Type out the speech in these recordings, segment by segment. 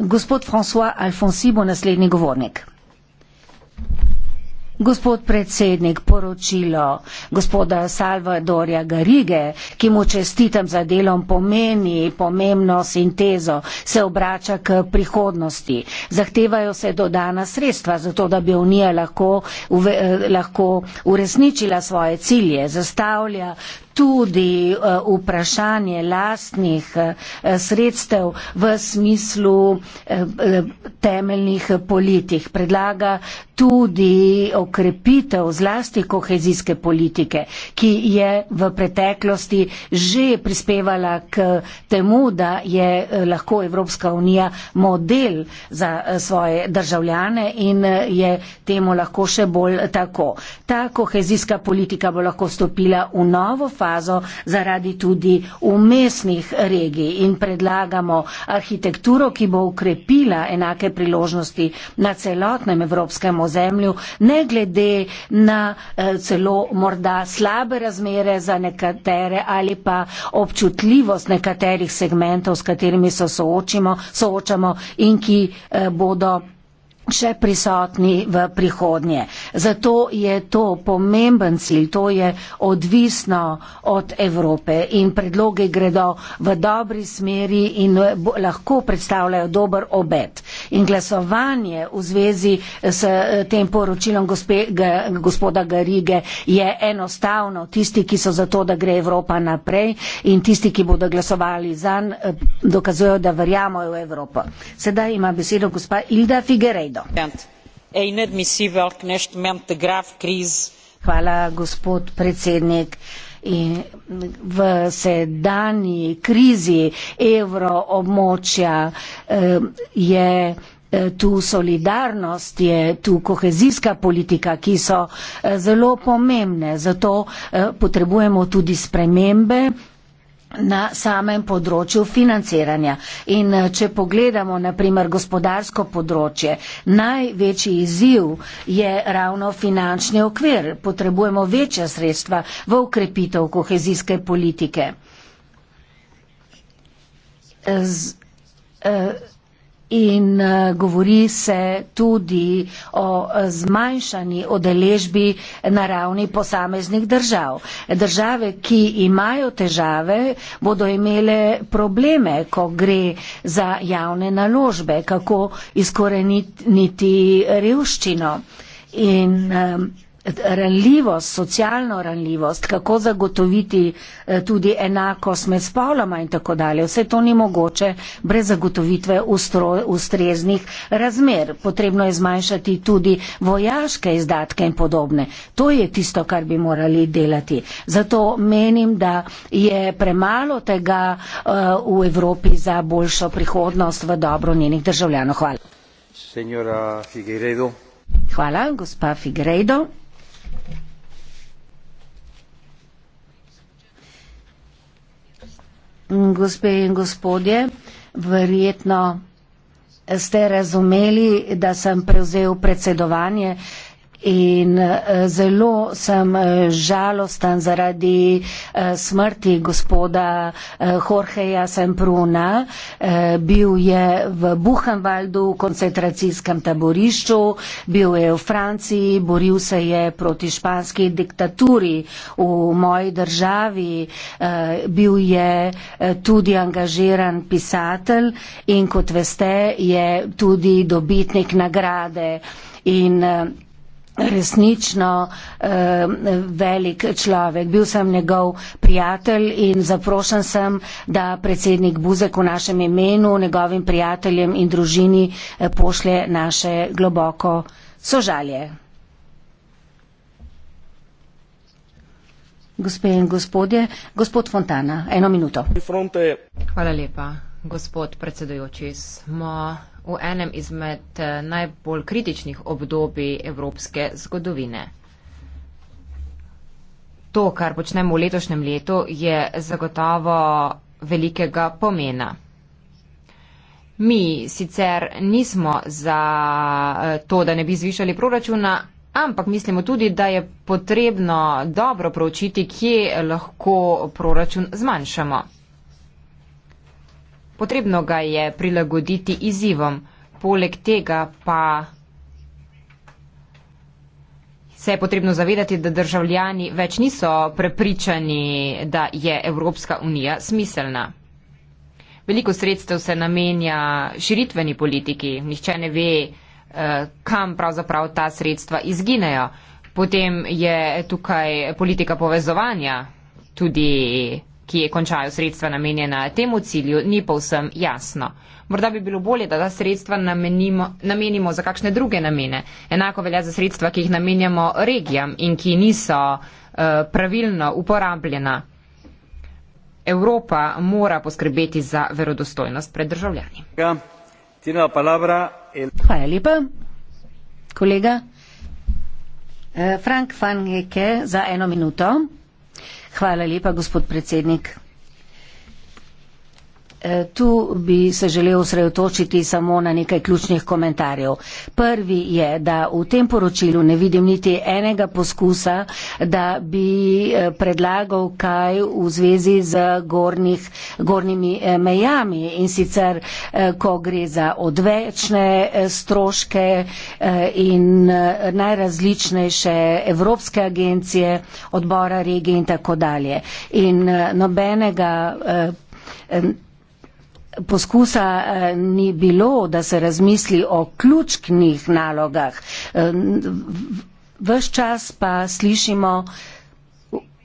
Gospod François Alfonsi bo naslednji govornik. Gospod predsednik, poročilo gospoda Salvadorja Garige, ki mu čestitam za delom, pomeni pomembno sintezo, se obrača k prihodnosti. Zahtevajo se dodana sredstva, zato da bi Unija lahko, uve, eh, lahko uresničila svoje cilje, zastavlja tudi eh, vprašanje lastnih eh, sredstev v smislu eh, temeljnih politik. Predlaga tudi okrepitev zlasti kohezijske politike, ki je v preteklosti že prispevala k temu, da je lahko Evropska unija model za svoje državljane in je temu lahko še bolj tako. Ta kohezijska politika bo lahko stopila v novo fazo, fazo zaradi tudi umestnih regij in predlagamo arhitekturo, ki bo ukrepila enake priložnosti na celotnem evropskem ozemlju, ne glede na eh, celo morda slabe razmere za nekatere ali pa občutljivost nekaterih segmentov, s katerimi se soočamo in ki eh, bodo še prisotni v prihodnje. Zato je to pomemben cilj, to je odvisno od Evrope in predloge gredo v dobri smeri in lahko predstavljajo dober obet. In glasovanje v zvezi s eh, tem poročilom gospe, gospoda Garige je enostavno. Tisti, ki so za to, da gre Evropa naprej in tisti, ki bodo glasovali zanj, eh, dokazujejo, da verjamo v Evropo. Sedaj ima besedo gospa Ilda Figerej gospod predsednik in v sedanji krizi evroobmočja eh, je eh, tu solidarnost, je tu kohezijska politika, ki so eh, zelo pomembne. Zato potrebujemo tudi spremembe na samem področju financiranja. In eh, če pogledamo naprimer gospodarsko področje, največji izziv je ravno finančni okvir. Potrebujemo večja sredstva v ukrepitev kohezijske politike. Z, eh, in eh, govori se tudi o eh, zmanjšani odeležbi na ravni posameznih držav. Države, ki imajo težave, bodo imele probleme, ko gre za javne naložbe, kako izkoreniti revščino. In, um, ranljivost, socialno ranljivost, kako zagotoviti eh, tudi enakost med spoloma in tako dalje. Vse to ni mogoče brez zagotovitve ustro, ustreznih razmer. Potrebno je zmanjšati tudi vojaške izdatke in podobne. To je tisto, kar bi morali delati. Zato menim, da je premalo tega eh, v Evropi za boljšo prihodnost v dobro njenih državljanov. Hvala. Hvala, gospa Figredo. Gospe in gospodje, verjetno ste razumeli, da sem prevzel predsedovanje. In eh, zelo sem eh, žalosten zaradi eh, smrti gospoda Jorgeja Sempruna. Bil je v Buchenwaldu, koncentracijskem taborišču, bil je v Franciji, boril se je proti španski diktaturi v moji državi, bil je tudi angažiran pisatelj in kot veste je tudi dobitnik nagrade. In uh, resnično eh, velik človek. Bil sem njegov prijatelj in zaprošen sem, da predsednik Buzek v našem imenu, njegovim prijateljem in družini eh, pošlje naše globoko sožalje. Gospe in gospodje, gospod Fontana, eno minuto. Hvala lepa, gospod predsedujoči. Smo v enem izmed eh, najbolj kritičnih obdobij evropske zgodovine. To, kar počnemo v letošnjem letu, je zagotovo velikega pomena. Mi sicer nismo za eh, to, da ne bi zvišali proračuna, ampak mislimo tudi, da je potrebno dobro proučiti, kje lahko proračun zmanjšamo. Potrebno ga je prilagoditi izzivom. Poleg tega pa se je potrebno zavedati, da državljani več niso prepričani, da je Evropska unija smiselna. Veliko sredstev se namenja širitveni politiki. Nihče ne ve, eh, kam pravzaprav ta sredstva izginejo. Potem je tukaj politika povezovanja, tudi kje končajo sredstva namenjena temu cilju, ni povsem jasno. Morda bi bilo bolje, da ta sredstva namenimo, namenimo za kakšne druge namene. Enako velja za sredstva, ki jih namenjamo regijam in ki niso uh, pravilno uporabljena. Evropa mora poskrbeti za verodostojnost pred državljani. Hvala lepa, kolega. Eh, Frank van Eke za eno minuto. Hvala lepa, gospod predsednik. Tu bi se želel osredotočiti samo na nekaj ključnih komentarjev. Prvi je, da v tem poročilu ne vidim niti enega poskusa, da bi eh, predlagal kaj v zvezi z gornjih, gornjimi eh, mejami in sicer, eh, ko gre za odvečne stroške in najrazličnejše evropske agencije, odbora regije in tako dalje. In nobenega poskusa eh, ni bilo, da se razmisli o ključnih nalogah. Eh, ves čas pa slišimo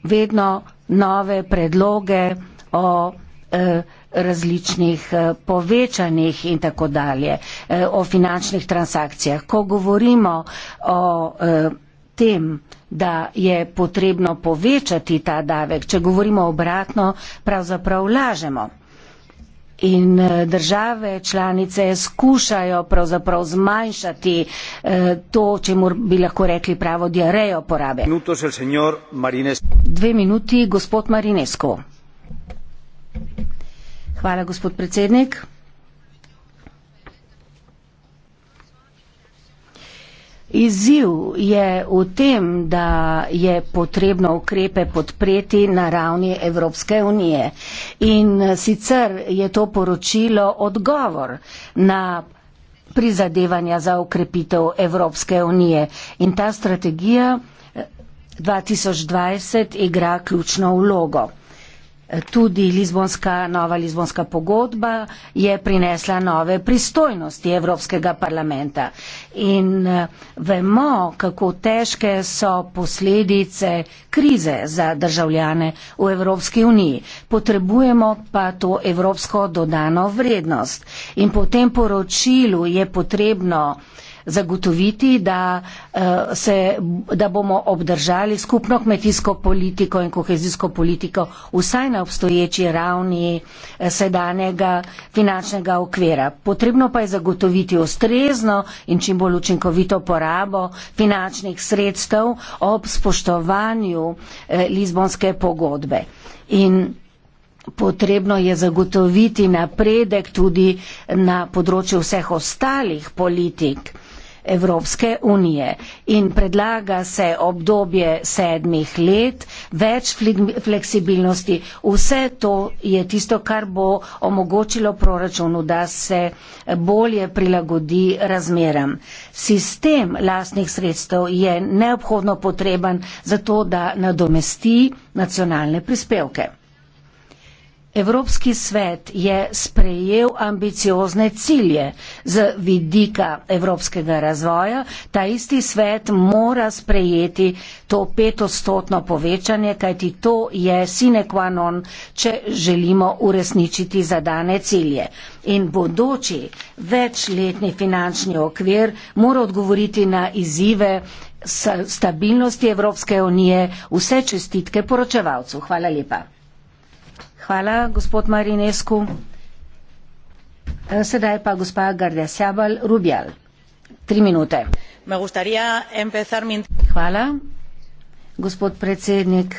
vedno nove predloge o eh, različnih povečanjih in tako dalje, o finančnih transakcijah. Ko govorimo o tem, da je potrebno povečati ta davek, če govorimo obratno, pravzaprav lažemo in eh, države članice skušajo pravzaprav zmanjšati eh, to, če bi lahko rekli pravo diarejo porabe. Dve minuti, gospod Marinesko. Hvala, gospod predsednik. Izziv je v tem, da je potrebno ukrepe podpreti na ravni Evropske unije. In sicer je to poročilo odgovor na prizadevanja za ukrepitev Evropske unije. In ta strategija 2020 eh, igra ključno vlogo. Tudi Lizbonska, nova Lizbonska pogodba je prinesla nove pristojnosti Evropskega parlamenta. In eh, vemo, kako težke so posledice krize za državljane v Evropski uniji. Potrebujemo pa to evropsko dodano vrednost. In po tem poročilu je potrebno zagotoviti, da, eh, se, da bomo obdržali skupno kmetijsko politiko in kohezijsko politiko vsaj na obstoječi ravni eh, sedanjega finančnega okvira. Potrebno pa je zagotoviti ustrezno in čim bolj učinkovito porabo finančnih sredstev ob spoštovanju eh, Lizbonske pogodbe. In Potrebno je zagotoviti napredek tudi na področju vseh ostalih politik. Evropske unije in predlaga se obdobje sedmih let, več fleksibilnosti. Vse to je tisto, kar bo omogočilo proračunu, da se bolje prilagodi razmeram. Sistem lastnih sredstev je neobhodno potreben za to, da nadomesti nacionalne prispevke. Evropski svet je sprejel ambiciozne cilje z vidika evropskega razvoja. Ta isti svet mora sprejeti to petostotno povečanje, kajti to je sine qua non, če želimo uresničiti zadane cilje. In bodoči večletni finančni okvir mora odgovoriti na izzive stabilnosti Evropske unije. Vse čestitke poročevalcu. Hvala lepa. Hvala, gospod Marinescu. Eh, sedaj pa gospa Gardja Sjabal Rubjal. Tri minute. Hvala, gospod predsednik.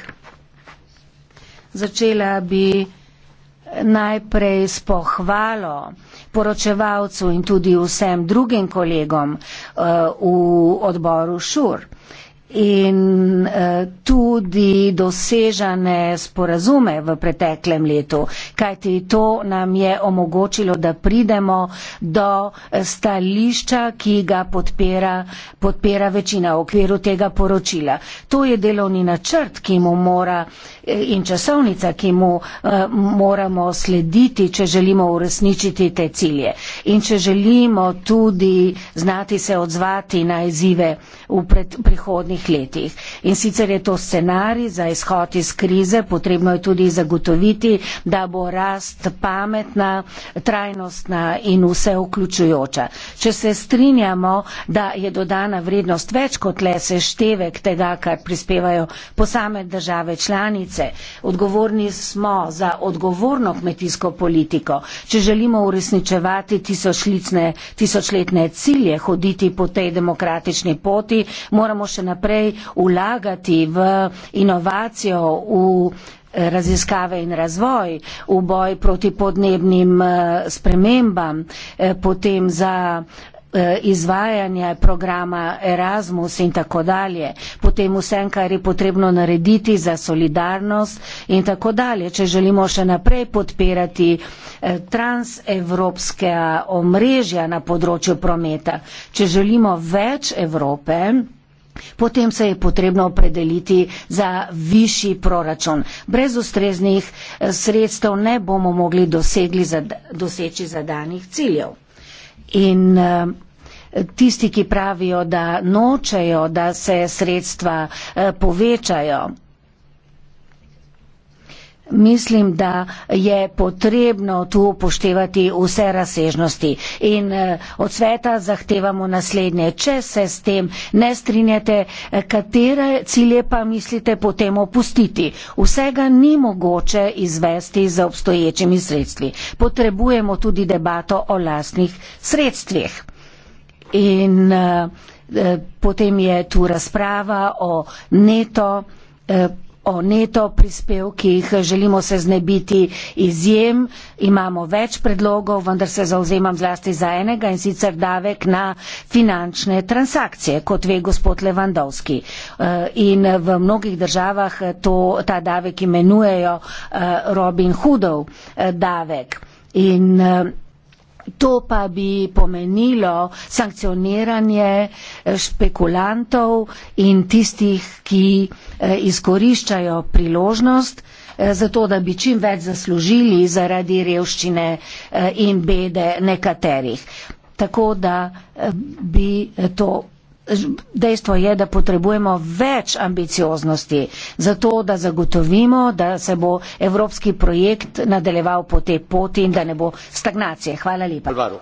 Začela bi eh, najprej s pohvalo poročevalcu in tudi vsem drugim kolegom uh, v odboru ŠUR in uh, tudi dosežane sporazume v preteklem letu, kajti to nam je omogočilo, da pridemo do stališča, ki ga podpira, podpira večina v okviru tega poročila. To je delovni načrt, ki mu mora eh, in časovnica, ki mu uh, moramo slediti, če želimo uresničiti te cilje in če želimo tudi znati se odzvati na izzive v pred, prihodnih naslednjih letih. In sicer je to scenarij za izhod iz krize, potrebno je tudi zagotoviti, da bo rast pametna, trajnostna in vse vključujoča. Če se strinjamo, da je dodana vrednost več kot le seštevek tega, kar prispevajo posamez države članice, odgovorni smo za odgovorno kmetijsko politiko. Če želimo uresničevati tisočletne cilje, hoditi po tej demokratični poti, moramo še naprej naprej vlagati v inovacijo, v eh, raziskave in razvoj, v boj proti podnebnim eh, spremembam, eh, potem za izvajanje programa Erasmus in tako dalje, potem vsem, kar je potrebno narediti za solidarnost in tako dalje. Če želimo še naprej podpirati transevropske omrežja na področju prometa, če želimo več Evrope, Potem se je potrebno opredeliti za višji proračun. Brez ustreznih eh, sredstev ne bomo mogli doseči zadanih ciljev. In eh, tisti, ki pravijo, da nočejo, da se sredstva eh, povečajo, mislim, da je potrebno tu upoštevati vse razsežnosti. In eh, od sveta zahtevamo naslednje. Če se s tem ne strinjate, eh, katere cilje pa mislite potem opustiti? Vsega ni mogoče izvesti za obstoječimi sredstvi. Potrebujemo tudi debato o lastnih sredstvih. In eh, eh potem je tu razprava o neto. Eh, o neto prispevkih, želimo se znebiti izjem, imamo več predlogov, vendar se zauzemam zlasti za enega in sicer davek na finančne transakcije, kot ve gospod Levandovski. Eh, in v mnogih državah to, ta davek imenujejo eh, Robin Hoodov eh, davek. In, To pa bi pomenilo sankcioniranje eh, špekulantov in tistih, ki eh, izkoriščajo priložnost eh, za to, da bi čim več zaslužili zaradi revščine in bede nekaterih. Tako da bi to dejstvo je, da potrebujemo več ambicioznosti za to, da zagotovimo, da se bo evropski projekt nadaljeval po tej poti in da ne bo stagnacije. Hvala lepa. Alvaro.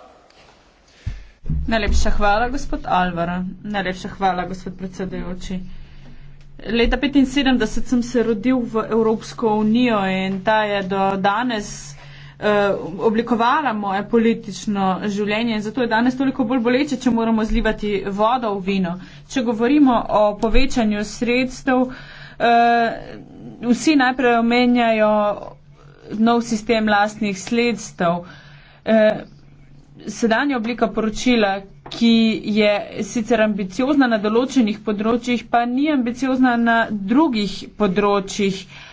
Najlepša hvala, gospod Alvara. Najlepša hvala, gospod predsedujoči. Leta 1975 sem se rodil v Evropsko unijo in ta je do danes Eh, oblikovala moje politično življenje in zato je danes toliko bolj boleče, če moramo zlivati vodo v vino. Če govorimo o povečanju sredstev, eh, vsi najprej omenjajo nov sistem lastnih sredstev. Eh, sedanja oblika poročila, ki je sicer ambiciozna na določenih področjih, pa ni ambiciozna na drugih področjih. Uh,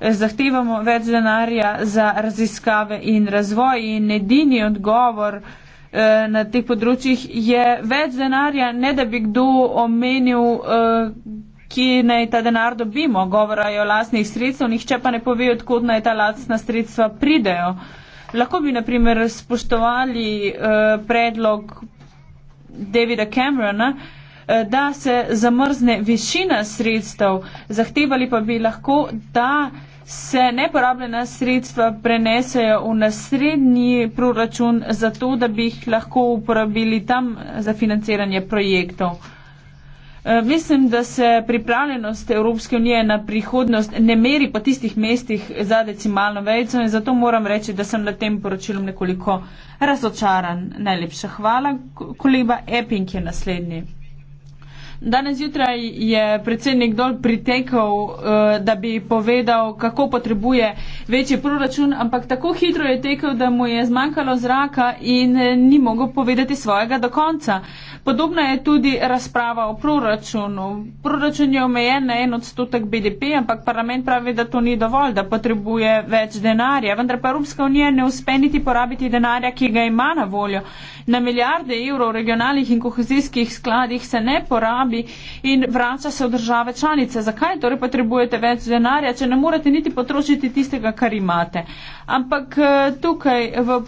zahtevamo več denarja za raziskave in razvoj in edini odgovor eh, na teh področjih je več denarja, ne da bi kdo omenil, eh, ki naj ta denar dobimo. Govora je o lastnih sredstv, nihče pa ne pove, odkud naj ta lastna sredstva pridejo. Lahko bi, na primer, spoštovali eh, predlog Davida Camerona, da se zamrzne višina sredstev, zahtevali pa bi lahko, da se neporabljena sredstva prenesejo v naslednji proračun za to, da bi jih lahko uporabili tam za financiranje projektov. E, mislim, da se pripravljenost Evropske unije na prihodnost ne meri po tistih mestih za decimalno vejco in zato moram reči, da sem nad tem poročilom nekoliko razočaran. Najlepša hvala. Koleba Epping je naslednji. Danes jutraj je predsednik dol pritekal, eh, da bi povedal, kako potrebuje večji proračun, ampak tako hitro je tekel, da mu je zmanjkalo zraka in eh, ni mogel povedati svojega do konca. Podobna je tudi razprava o proračunu. Proračun je omejen na en odstotek BDP, ampak parlament pravi, da to ni dovolj, da potrebuje več denarja. Vendar pa Evropska unija ne uspe niti porabiti denarja, ki ga ima na voljo. Na milijarde evrov regionalnih in kohezijskih skladih se ne porabi porabi in vrača se v države članice. Zakaj torej potrebujete več denarja, če ne morete niti potrošiti tistega, kar imate? Ampak eh, tukaj v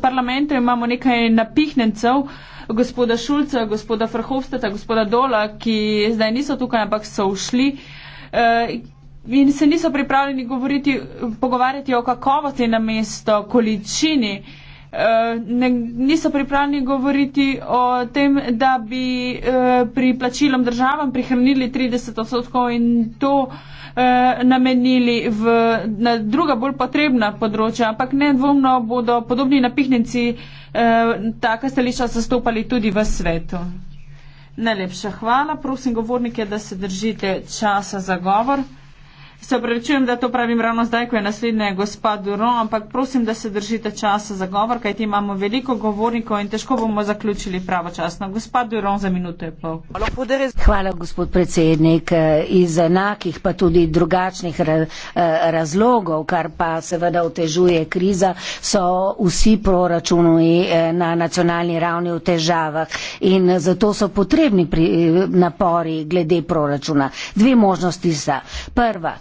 parlamentu imamo nekaj napihnencev gospoda Šulca, gospoda Frhovsteta, gospoda Dola, ki zdaj niso tukaj, ampak so ušli eh, in se niso pripravljeni govoriti, pogovarjati o kakovosti na mesto količini. Eh, ne, niso pripravljeni govoriti o tem, da bi eh, pri plačilom državam prihranili 30 odstotkov in to eh, namenili v, na druga bolj potrebna področja, ampak nedvomno bodo podobni napihnjenci taka stališča zastopali tudi v svetu. Najlepša hvala. Prosim govornike, da se držite časa za govor. Se opravičujem, da to pravim ravno zdaj, ko je naslednja gospa Duro, ampak prosim, da se držite časa za govor, kajti imamo veliko govornikov in težko bomo zaključili pravočasno. Gospa Duro, za minuto je pol. Hvala, gospod predsednik, iz enakih pa tudi drugačnih eh, razlogov, kar pa seveda otežuje kriza, so vsi proračuni eh, na nacionalni ravni v težavah in zato so potrebni eh, napori glede proračuna. Dve možnosti sta. Prva,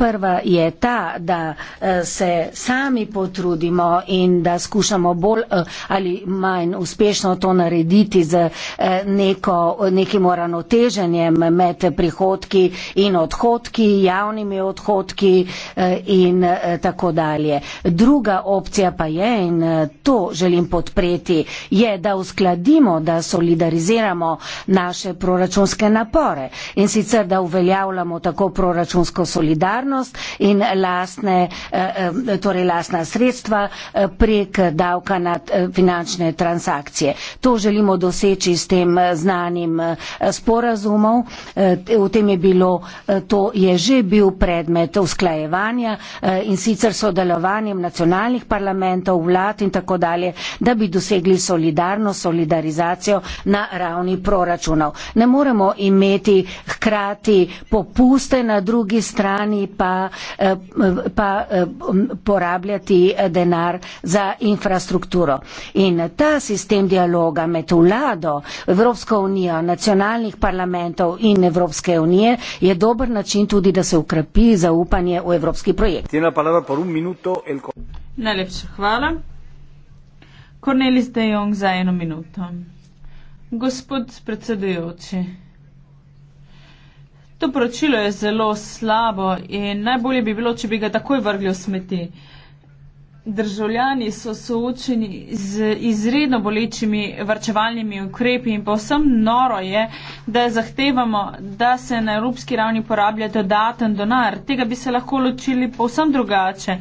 prva je ta, da eh, se sami potrudimo in da skušamo bolj eh, ali manj uspešno to narediti z eh, neko, nekim uravnoteženjem med prihodki in odhodki, javnimi odhodki in tako dalje. Druga opcija pa je in to želim podpreti, je, da uskladimo, da solidariziramo naše proračunske napore in sicer, da uveljavljamo tako proračunsko solidarnost, varnost in lastne, eh, eh, torej lastna sredstva eh, prek davka na finančne transakcije. To želimo doseči s tem znanim sporazumom. V tem je bilo, to je že bil predmet usklajevanja in sicer sodelovanjem nacionalnih parlamentov, vlad in tako dalje, da bi dosegli solidarnost, solidarizacijo na ravni proračunov. Ne moremo imeti hkrati popuste na drugi strani, pa, eh, pa eh, porabljati denar za infrastrukturo. In ta sistem dialoga med vlado, Evropsko unijo, nacionalnih parlamentov in Evropske unije je dober način tudi, da se ukrepi zaupanje v evropski projekt. Najlepša hvala. Kornelis de Jong za eno minuto. Gospod predsedujoči. To poročilo je zelo slabo in najbolje bi bilo, če bi ga takoj vrgli v smeti. Državljani so soočeni z izredno bolečimi vrčevalnimi ukrepi in povsem noro je, da zahtevamo, da se na evropski ravni porablja dodaten donar. Tega bi se lahko ločili povsem drugače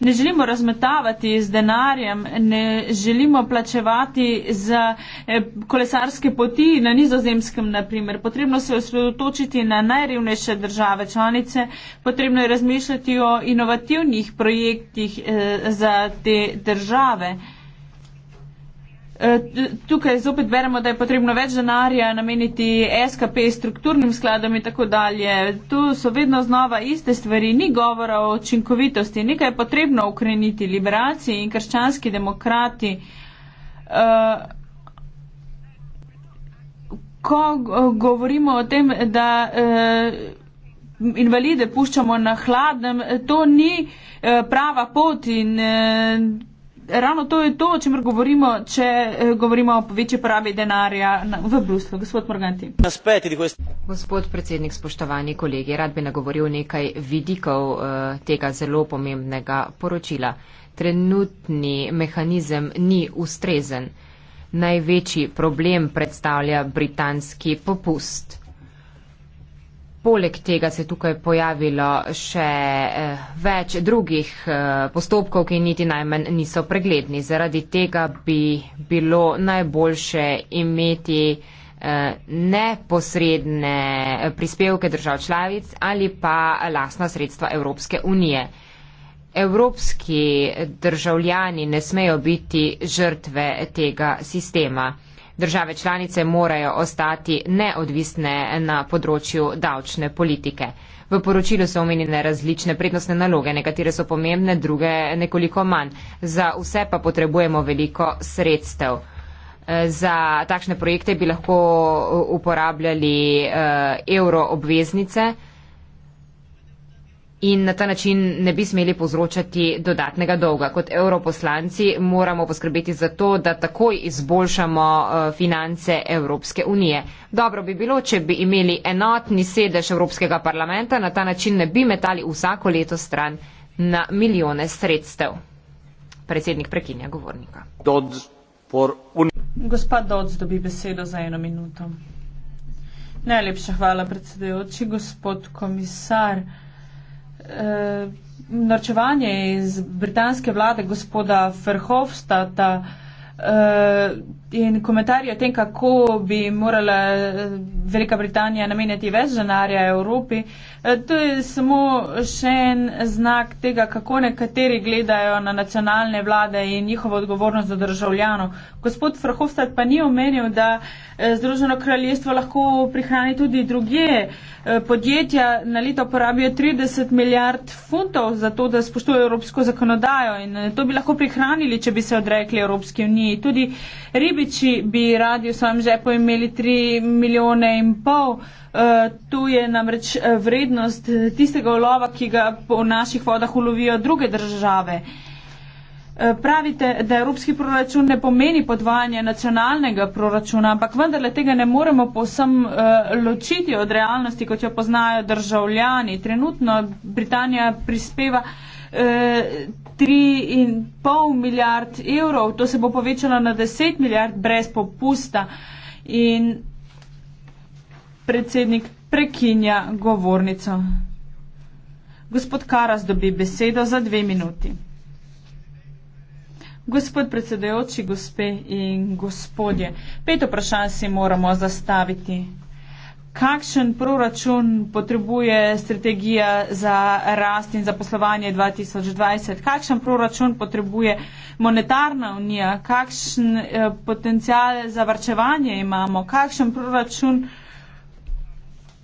ne želimo razmetavati z denarjem, ne želimo plačevati za eh, kolesarske poti na nizozemskem, naprimer. Potrebno se osredotočiti na najrevnejše države članice, potrebno je razmišljati o inovativnih projektih eh, za te države. Eh, tukaj zopet beremo, da je potrebno več denarja nameniti SKP strukturnim skladom in tako dalje. Tu so vedno znova iste stvari, ni govora o učinkovitosti. Nekaj je potrebno ukreniti liberaciji in krščanski demokrati. Eh, ko govorimo o tem, da eh, invalide puščamo na hladnem, to ni prava pot in ravno to je to, o čemer govorimo, če eh, govorimo o večji porabi denarja na, v Bruslu. Gospod Morganti. Gospod predsednik, spoštovani kolegi, rad bi nagovoril nekaj vidikov eh, tega zelo pomembnega poročila. Trenutni mehanizem ni ustrezen. Največji problem predstavlja britanski popust poleg tega se je tukaj pojavilo še eh, več drugih eh, postopkov, ki niti najmanj niso pregledni. Zaradi tega bi bilo najboljše imeti eh, neposredne prispevke držav članic ali pa lasna sredstva Evropske unije. Evropski državljani ne smejo biti žrtve tega sistema. Države članice morajo ostati neodvisne na področju davčne politike. V poročilu so omenjene različne prednostne naloge, nekatere so pomembne, druge nekoliko manj. Za vse pa potrebujemo veliko sredstev. Eh, za takšne projekte bi lahko eh, uporabljali eh, evro obveznice in na ta način ne bi smeli povzročati dodatnega dolga. Kot europoslanci moramo poskrbeti za to, da takoj izboljšamo eh, finance Evropske unije. Dobro bi bilo, če bi imeli enotni sedež Evropskega parlamenta, na ta način ne bi metali vsako leto stran na milijone sredstev. Predsednik prekinja govornika. Gospa Dodz dobi besedo za eno minuto. Najlepša hvala, predsedujoči, gospod komisar eh, norčevanje iz britanske vlade gospoda Verhofstata, eh, In komentarji o tem, kako bi morala eh, Velika Britanija namenjati več denarja Evropi, eh, to je samo še en znak tega, kako nekateri gledajo na nacionalne vlade in njihovo odgovornost do državljanov. Gospod Frahovstad pa ni omenil, da eh, Združeno kraljestvo lahko prihrani tudi druge podjetja. Na leto porabijo 30 milijard funtov za to, da spoštujejo evropsko zakonodajo in to bi lahko prihranili, če bi se odrekli Evropski uniji. Tudi ribiči bi radi v svojem žepu imeli 3 milijone in pol. Eh, tu je namreč eh, vrednost eh, tistega ulova, ki ga v naših vodah ulovijo druge države. Pravite, da evropski proračun ne pomeni podvajanje nacionalnega proračuna, ampak vendarle tega ne moremo posem ločiti od realnosti, kot jo poznajo državljani. Trenutno Britanija prispeva 3,5 eh, milijard evrov, to se bo povečalo na 10 milijard brez popusta. In predsednik prekinja govornico. Gospod Karas dobi besedo za dve minuti. Gospod predsedajoči, gospe in gospodje, pet vprašanj si moramo zastaviti kakšen proračun potrebuje strategija za rast in zaposlovanje 2020, kakšen proračun potrebuje monetarna unija, kakšen eh, potencial za varčevanje imamo, kakšen proračun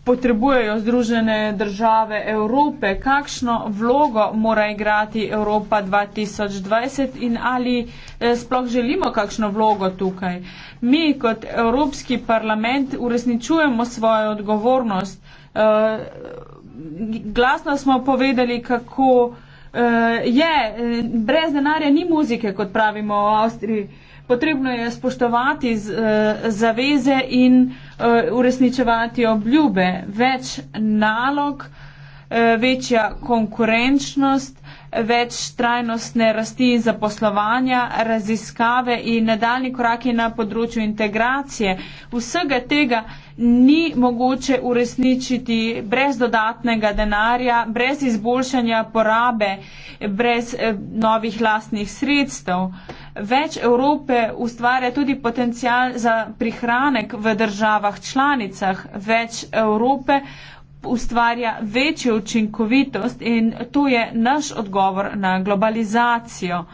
potrebujejo Združene države Evrope, kakšno vlogo mora igrati Evropa 2020 in ali eh, sploh želimo kakšno vlogo tukaj. Mi kot Evropski parlament uresničujemo svojo odgovornost. Eh, glasno smo povedali, kako eh, je, brez denarja ni muzike, kot pravimo v Avstriji. Potrebno je spoštovati zaveze in Eh, uresničevati obljube, več nalog, eh, večja konkurenčnost več trajnostne rasti in zaposlovanja, raziskave in nadaljni koraki na področju integracije. Vsega tega ni mogoče uresničiti brez dodatnega denarja, brez izboljšanja porabe, brez eh, novih lastnih sredstev. Več Evrope ustvarja tudi potencial za prihranek v državah članicah, več Evrope ustvarja večjo učinkovitost in to je naš odgovor na globalizacijo.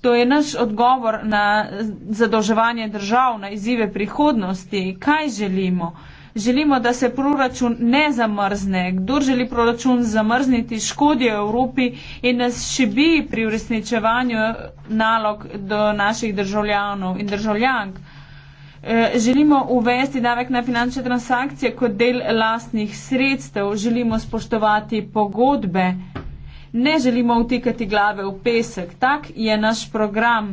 To je naš odgovor na zadolževanje držav, na izzive prihodnosti. Kaj želimo? Želimo, da se proračun ne zamrzne. Kdor želi proračun zamrzniti, škodi Evropi in nas še bi pri uresničevanju nalog do naših državljanov in državljank. Eh, želimo uvesti davek na finančne transakcije kot del lastnih sredstev, želimo spoštovati pogodbe, ne želimo vtikati glave v pesek. Tak je naš program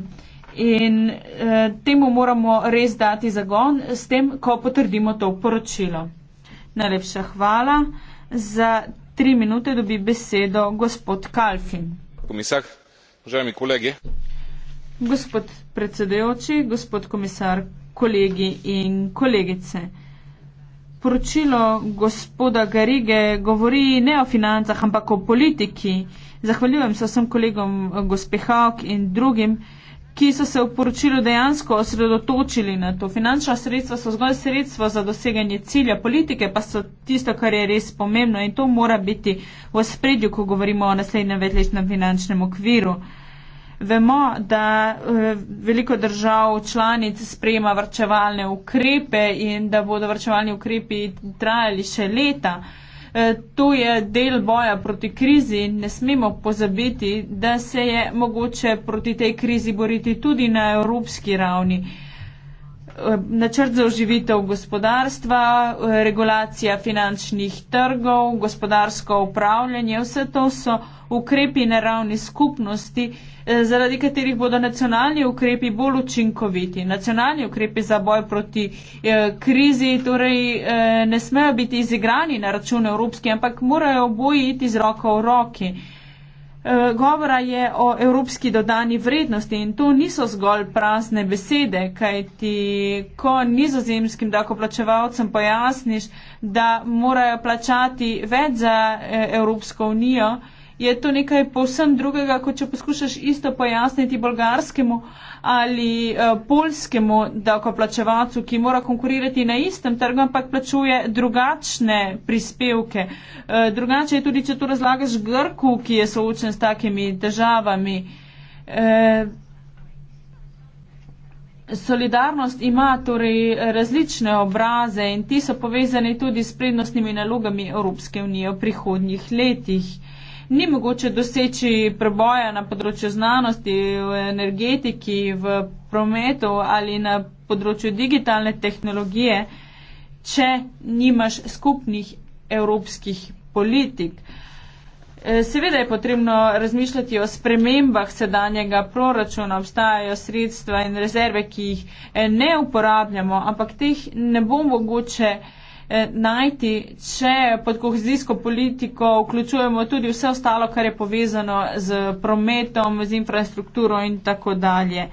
in eh, temu moramo res dati zagon s tem, ko potrdimo to poročilo. Najlepša hvala. Za tri minute dobi besedo gospod Kalfin. Komisar, žemi kolegi. Gospod predsedujoči, gospod komisar kolegi in kolegice. Poročilo gospoda Garige govori ne o financah, ampak o politiki. Zahvaljujem se vsem kolegom eh, gospe Hawk in drugim, ki so se v poročilu dejansko osredotočili na to. Finančna sredstva so zgolj sredstva za doseganje cilja, politike pa so tisto, kar je res pomembno in to mora biti v spredju, ko govorimo o naslednjem večletnem finančnem okviru. Vemo, da eh, veliko držav članic sprejema vrčevalne ukrepe in da bodo vrčevalni ukrepi trajali še leta. Eh, to je del boja proti krizi in ne smemo pozabiti, da se je mogoče proti tej krizi boriti tudi na evropski ravni načrt za oživitev gospodarstva, regulacija finančnih trgov, gospodarsko upravljanje, vse to so ukrepi na ravni skupnosti, eh, zaradi katerih bodo nacionalni ukrepi bolj učinkoviti. Nacionalni ukrepi za boj proti eh, krizi torej eh, ne smejo biti izigrani na račun Evropske, ampak morajo boji iti z roko v roki. Eh, govora je o evropski dodani vrednosti in to niso zgolj prazne besede, kajti ko nizozemskim dakoplačevalcem pojasniš, da morajo plačati več za eh, Evropsko unijo, je to nekaj povsem drugega, kot če poskušaš isto pojasniti bolgarskemu ali uh, eh, polskemu davkoplačevalcu, ki mora konkurirati na istem trgu, ampak plačuje drugačne prispevke. Uh, drugače je tudi, če to razlagaš Grku, ki je soočen s takimi državami. Uh, eh, Solidarnost ima torej različne obraze in ti so povezani tudi s prednostnimi nalogami Evropske unije v prihodnjih letih ni mogoče doseči preboja na področju znanosti, v energetiki, v prometu ali na področju digitalne tehnologije, če nimaš skupnih evropskih politik. E, seveda je potrebno razmišljati o spremembah sedanjega proračuna, obstajajo sredstva in rezerve, ki jih e, ne uporabljamo, ampak teh ne bo mogoče. Eh, najti, če pod kohezijsko politiko vključujemo tudi vse ostalo, kar je povezano z prometom, z infrastrukturo in tako dalje.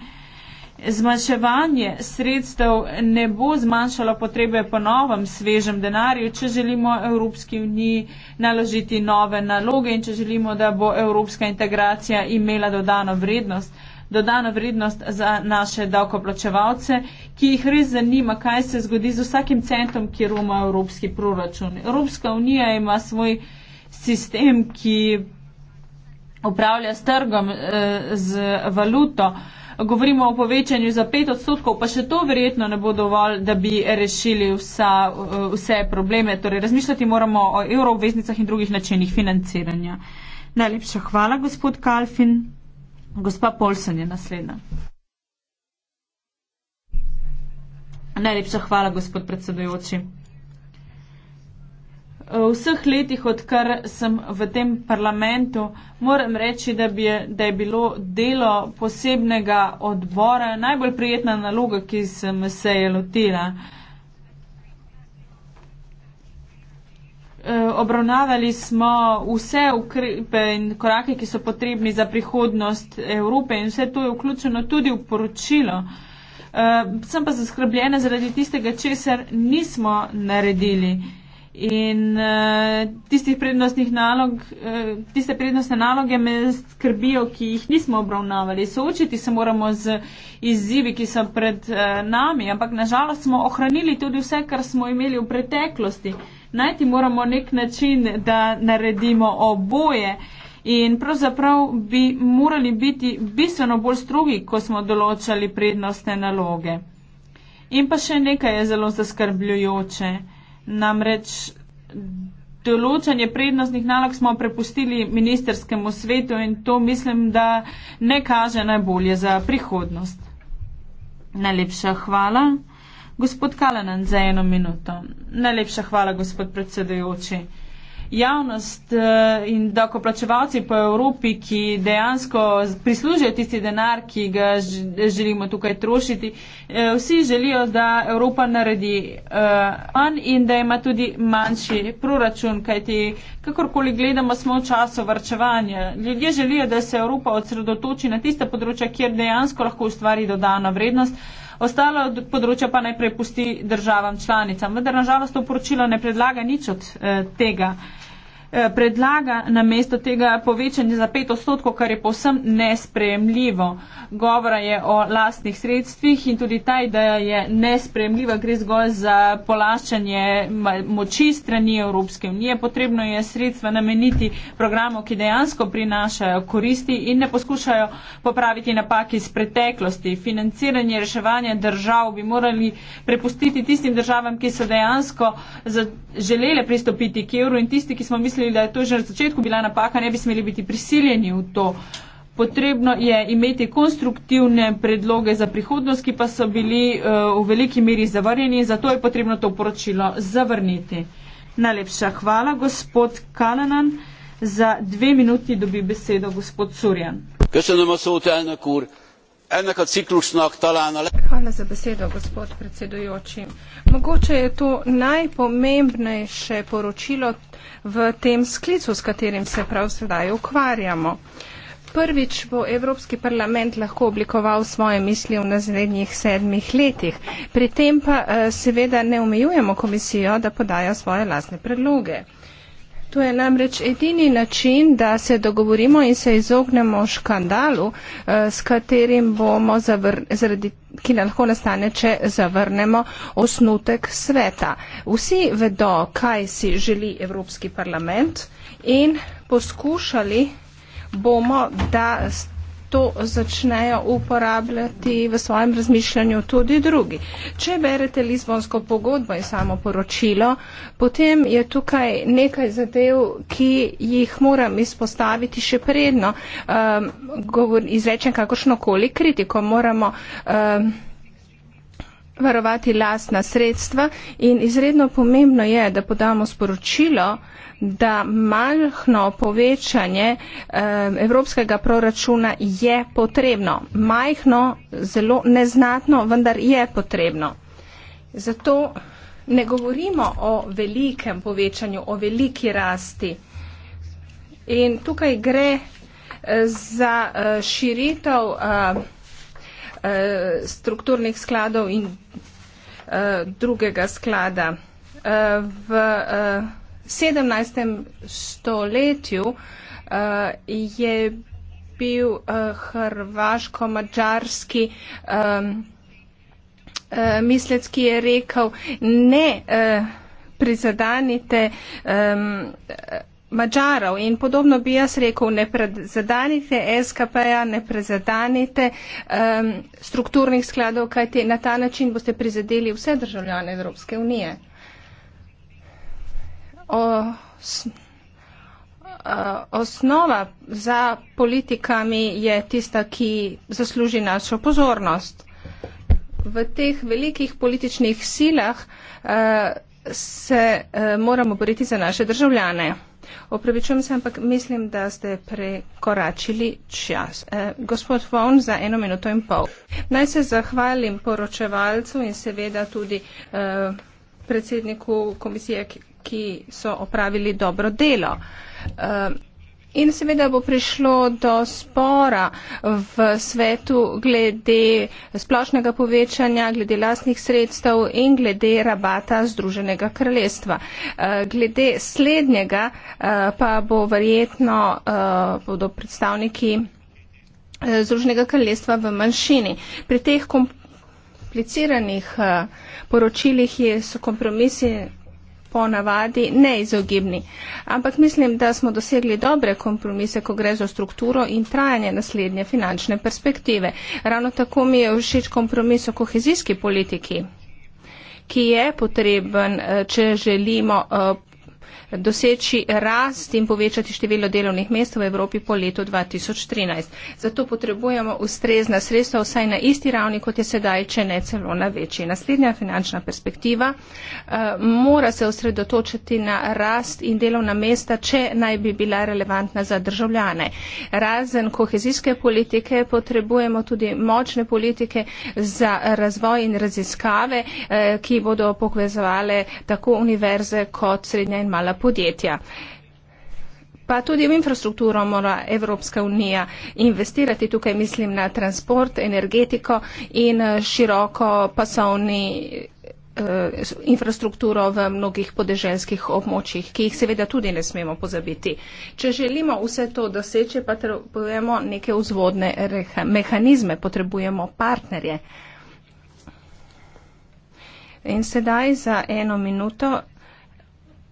Zmanjševanje sredstev ne bo zmanjšalo potrebe po novem svežem denarju, če želimo Evropski uniji naložiti nove naloge in če želimo, da bo evropska integracija imela dodano vrednost dodano vrednost za naše davkoplačevalce, ki jih res zanima, kaj se zgodi z vsakim centom, ki roma evropski proračun. Evropska unija ima svoj sistem, ki upravlja s trgom, eh, z valuto. Govorimo o povečanju za pet odstotkov, pa še to verjetno ne bo dovolj, da bi rešili vsa, eh, vse probleme. Torej, razmišljati moramo o evroobveznicah in drugih načinih financiranja. Najlepša hvala, gospod Kalfin. Gospa Polsen je naslednja. Najlepša hvala, gospod predsedujoči. V vseh letih, odkar sem v tem parlamentu, moram reči, da, bi, da je bilo delo posebnega odbora najbolj prijetna naloga, ki sem se je lotila. Uh, Eh, obravnavali smo vse ukrepe in korake, ki so potrebni za prihodnost Evrope in vse to je vključeno tudi v poročilo. Eh, sem pa zaskrbljena zaradi tistega, česar nismo naredili. In eh, tistih prednostnih nalog, tiste prednostne naloge me skrbijo, ki jih nismo obravnavali. Soočiti se moramo z izzivi, ki so pred nami, ampak nažalost smo ohranili tudi vse, kar smo imeli v preteklosti najti moramo nek način, da naredimo oboje. In pravzaprav bi morali biti bistveno bolj strogi, ko smo določali prednostne naloge. In pa še nekaj je zelo zaskrbljujoče. Namreč določanje prednostnih nalog smo prepustili ministerskemu svetu in to mislim, da ne kaže najbolje za prihodnost. Najlepša hvala. Gospod Kalanan, za eno minuto. Najlepša hvala, gospod predsedujoči. Javnost eh, in dokoplačevalci po Evropi, ki dejansko prislužijo tisti denar, ki ga želimo tukaj trošiti, eh, vsi želijo, da Evropa naredi eh, manj in da ima tudi manjši proračun, kajti kakorkoli gledamo, smo v času vrčevanja. Ljudje želijo, da se Evropa odsredotoči na tiste področja, kjer dejansko lahko ustvari dodano vrednost. Ostalo področje pa naj prepusti državam članicam. Vendar nažalost to poročilo ne predlaga nič od eh, tega. Eh, Eh, predlaga namesto tega povečanje za pet odstotkov, kar je povsem nespremljivo. Govora je o lastnih sredstvih in tudi ta ideja je nespremljiva, gre zgolj za polaščanje moči strani Evropske unije. Potrebno je sredstva nameniti programov, ki dejansko prinašajo koristi in ne poskušajo popraviti napak iz preteklosti. Financiranje reševanja držav bi morali prepustiti tistim državam, ki so dejansko želele pristopiti k evru in tisti, ki smo mislili, mislili, da je to že na začetku bila napaka, ne bi smeli biti prisiljeni v to. Potrebno je imeti konstruktivne predloge za prihodnost, ki pa so bili uh, v veliki meri zavrnjeni, zato je potrebno to poročilo zavrniti. Najlepša hvala, gospod Kalanan. Za dve minuti dobi besedo gospod Surjan. Hvala za besedo, gospod predsedujoči. Mogoče je to najpomembnejše poročilo v tem sklicu, s katerim se prav sedaj ukvarjamo. Prvič bo Evropski parlament lahko oblikoval svoje misli v naslednjih sedmih letih. Pri tem pa eh, seveda ne omejujemo komisijo, da podaja svoje lasne predloge. To je namreč edini način, da se dogovorimo in se izognemo škandalu, eh, s katerim bomo zaradi ki lahko nastane, če zavrnemo osnutek sveta. Vsi vedo, kaj si želi Evropski parlament in poskušali bomo, da to začnejo uporabljati v svojem razmišljanju tudi drugi. Če berete Lizbonsko pogodbo in samo poročilo, potem je tukaj nekaj zadev, ki jih moram izpostaviti še predno. Um, govor, izrečem kakršnokoli kritiko, moramo um, varovati lastna sredstva in izredno pomembno je, da podamo sporočilo, da malhno povečanje eh, evropskega proračuna je potrebno. Majhno, zelo neznatno, vendar je potrebno. Zato ne govorimo o velikem povečanju, o veliki rasti. In tukaj gre eh, za eh, širitev. Eh, Eh, strukturnih skladov in eh, drugega sklada. Eh, v 17. stoletju je bil hrvaško-mačarski mislec, ki je rekel, ne prizadanite Mačarov in podobno bi jaz rekel, ne prezadanite SKP-ja, ne prezadanite um, strukturnih skladov, kajti na ta način boste prizadeli vse državljane Evropske unije. O, s, o, osnova za politikami je tista, ki zasluži našo pozornost. V teh velikih političnih silah uh, se uh, moramo boriti za naše državljane. Opravičujem se, ampak mislim, da ste prekoračili čas. E, gospod Von, za eno minuto in pol. Naj se zahvalim poročevalcu in seveda tudi e, predsedniku komisije, ki, ki so opravili dobro delo. E, In seveda bo prišlo do spora v svetu glede splošnega povečanja, glede lastnih sredstev in glede rabata Združenega kraljestva. Eh, glede slednjega eh, pa bo verjetno eh, bodo predstavniki Združenega kraljestva v manjšini. Pri teh kompliciranih poročilih so kompromisi po navadi neizogibni. Ampak mislim, da smo dosegli dobre kompromise, ko gre za strukturo in trajanje naslednje finančne perspektive. Ravno tako mi je všeč kompromis o kohezijski politiki ki je potreben, eh, če želimo eh, doseči rast in povečati število delovnih mest v Evropi po letu 2013. Zato potrebujemo ustrezna sredstva vsaj na isti ravni, kot je sedaj, če ne celo na večji. Naslednja finančna perspektiva eh, mora se osredotočiti na rast in delovna mesta, če naj bi bila relevantna za državljane. Razen kohezijske politike potrebujemo tudi močne politike za razvoj in raziskave, eh, ki bodo pokvezovale tako univerze kot srednja in mala podjetja. Pa tudi v infrastrukturo mora Evropska unija investirati. Tukaj mislim na transport, energetiko in eh, široko pasovni eh, infrastrukturo v mnogih podeželskih območjih, ki jih seveda tudi ne smemo pozabiti. Če želimo vse to doseči, pa potrebujemo neke vzvodne mehanizme, potrebujemo partnerje. In sedaj za eno minuto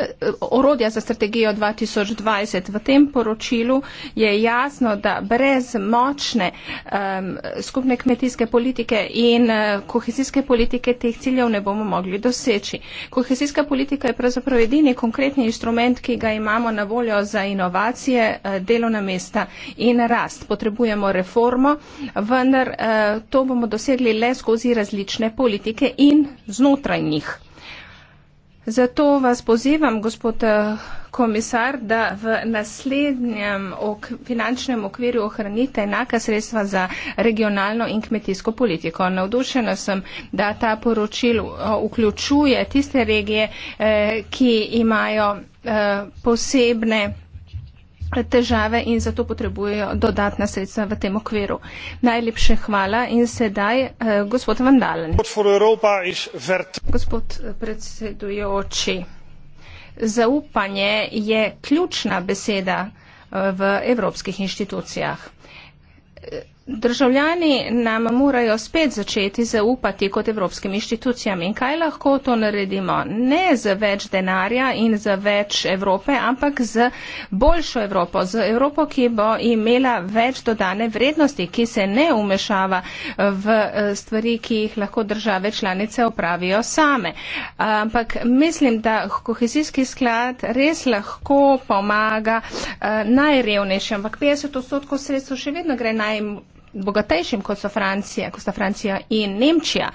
Eh, orodja za strategijo 2020. V tem poročilu je jasno, da brez močne um, skupne kmetijske politike in uh, kohezijske politike teh ciljev ne bomo mogli doseči. Kohezijska politika je pravzaprav edini konkretni inštrument, ki ga imamo na voljo za inovacije, uh, delovna mesta in rast. Potrebujemo reformo, vendar uh, to bomo dosegli le skozi različne politike in znotraj njih. Zato vas pozivam, gospod eh, komisar, da v naslednjem ok finančnem okviru ohranite enaka sredstva za regionalno in kmetijsko politiko. Navdušena sem, da ta poročil eh, vključuje tiste regije, eh, ki imajo posebne težave in zato potrebujejo dodatna sredstva v tem okviru. Najlepše hvala in sedaj eh, gospod Vandalen. Gospod eh, predsedujoči, zaupanje je ključna beseda eh, v evropskih inštitucijah. Eh, državljani nam morajo spet začeti zaupati kot evropskim inštitucijam. In kaj lahko to naredimo? Ne z več denarja in z več Evrope, ampak z boljšo Evropo, z Evropo, ki bo imela več dodane vrednosti, ki se ne umešava v eh, stvari, ki jih lahko države članice opravijo same. Ampak mislim, da kohezijski sklad res lahko pomaga eh, najrevnejšim, ampak 50 odstotkov sredstva še vedno gre najmanj bogatejšim, kot, so Francija, kot sta Francija in Nemčija,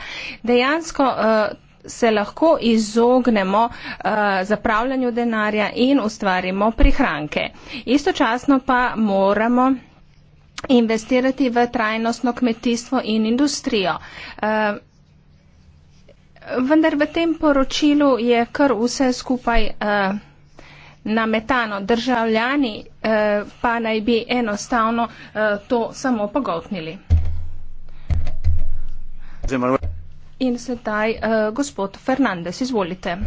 dejansko uh, se lahko izognemo uh, zapravljanju denarja in ustvarimo prihranke. Istočasno pa moramo investirati v trajnostno kmetijstvo in industrijo. Uh, vendar v tem poročilu je kar vse skupaj. Uh, nametano. Državljani eh, pa naj bi enostavno eh, to samo pogotnili. In sedaj eh, gospod Fernandez, izvolite.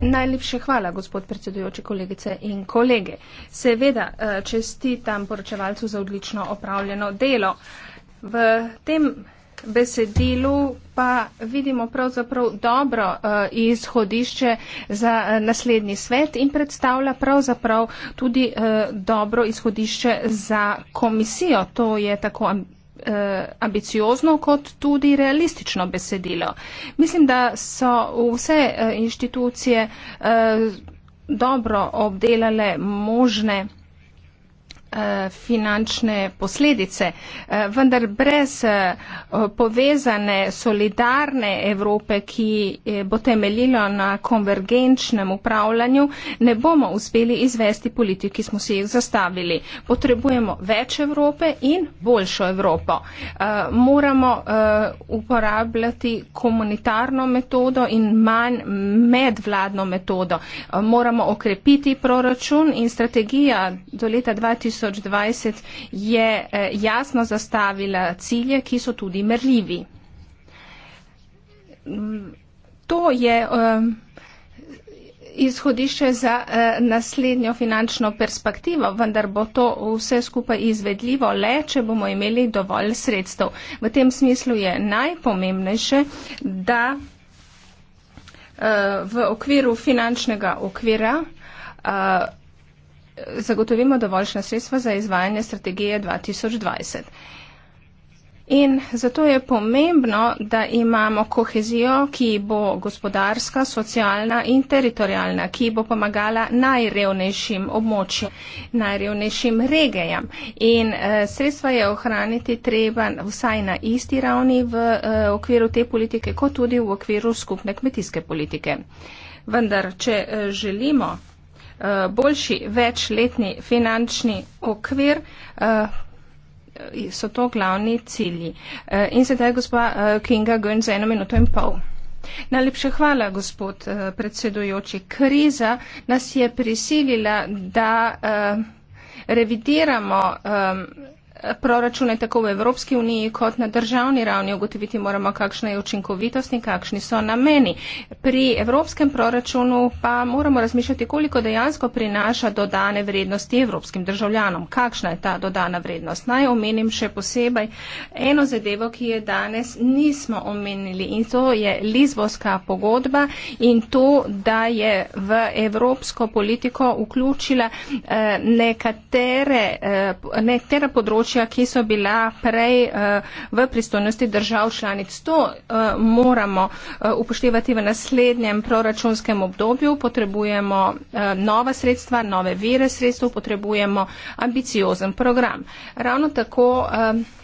Najlepše hvala, gospod predsedujoči, kolegice in kolege. Seveda eh, čestitam poročevalcu za odlično opravljeno delo. V tem besedilu pa vidimo pravzaprav dobro uh, izhodišče za uh, naslednji svet in predstavlja pravzaprav tudi uh, dobro izhodišče za komisijo. To je tako ambiciozno kot tudi realistično besedilo. Mislim, da so vse inštitucije dobro obdelale možne Eh, finančne posledice. Eh, vendar brez eh, povezane, solidarne Evrope, ki bo temeljila na konvergenčnem upravljanju, ne bomo uspeli izvesti politik, ki smo si jih zastavili. Potrebujemo več Evrope in boljšo Evropo. Moramo uporabljati komunitarno metodo in manj medvladno metodo. Moramo okrepiti proračun in strategija do leta 2000 2020 je eh, jasno zastavila cilje, ki so tudi merljivi. To je izhodišče za eh, naslednjo finančno perspektivo, vendar bo to vse skupaj izvedljivo le, če bomo imeli dovolj sredstev. V tem smislu je najpomembnejše, da eh, v okviru finančnega okvira zagotovimo dovoljšna sredstva za izvajanje strategije 2020. In zato je pomembno, da imamo kohezijo, ki bo gospodarska, socialna in teritorijalna, ki bo pomagala najrevnejšim območjem, najrevnejšim regejam. In eh, sredstva je ohraniti treba vsaj na isti ravni v eh, okviru te politike, kot tudi v okviru skupne kmetijske politike. Vendar, če eh, želimo Eh, boljši večletni finančni okvir. Eh, so to glavni cilji. Eh, in sedaj, gospa Kinga Gönn, za eno minuto in pol. Najlepša hvala, gospod predsedujoči. Kriza nas je prisilila, da revidiramo proračune tako v Evropski uniji kot na državni ravni ugotoviti moramo, kakšna je učinkovitost in kakšni so nameni. Pri evropskem proračunu pa moramo razmišljati, koliko dejansko prinaša dodane vrednosti evropskim državljanom. Kakšna je ta dodana vrednost? Naj omenim še posebej eno zadevo, ki je danes nismo omenili in to je Lizbonska pogodba in to, da je v evropsko politiko vključila eh, nekatere, eh, nekatera področja, področja, ki so bila prej uh, v pristojnosti držav članic. To uh, moramo uh, upoštevati v naslednjem proračunskem obdobju. Potrebujemo uh, nova sredstva, nove vire sredstv, potrebujemo ambiciozen program. Ravno tako. Uh,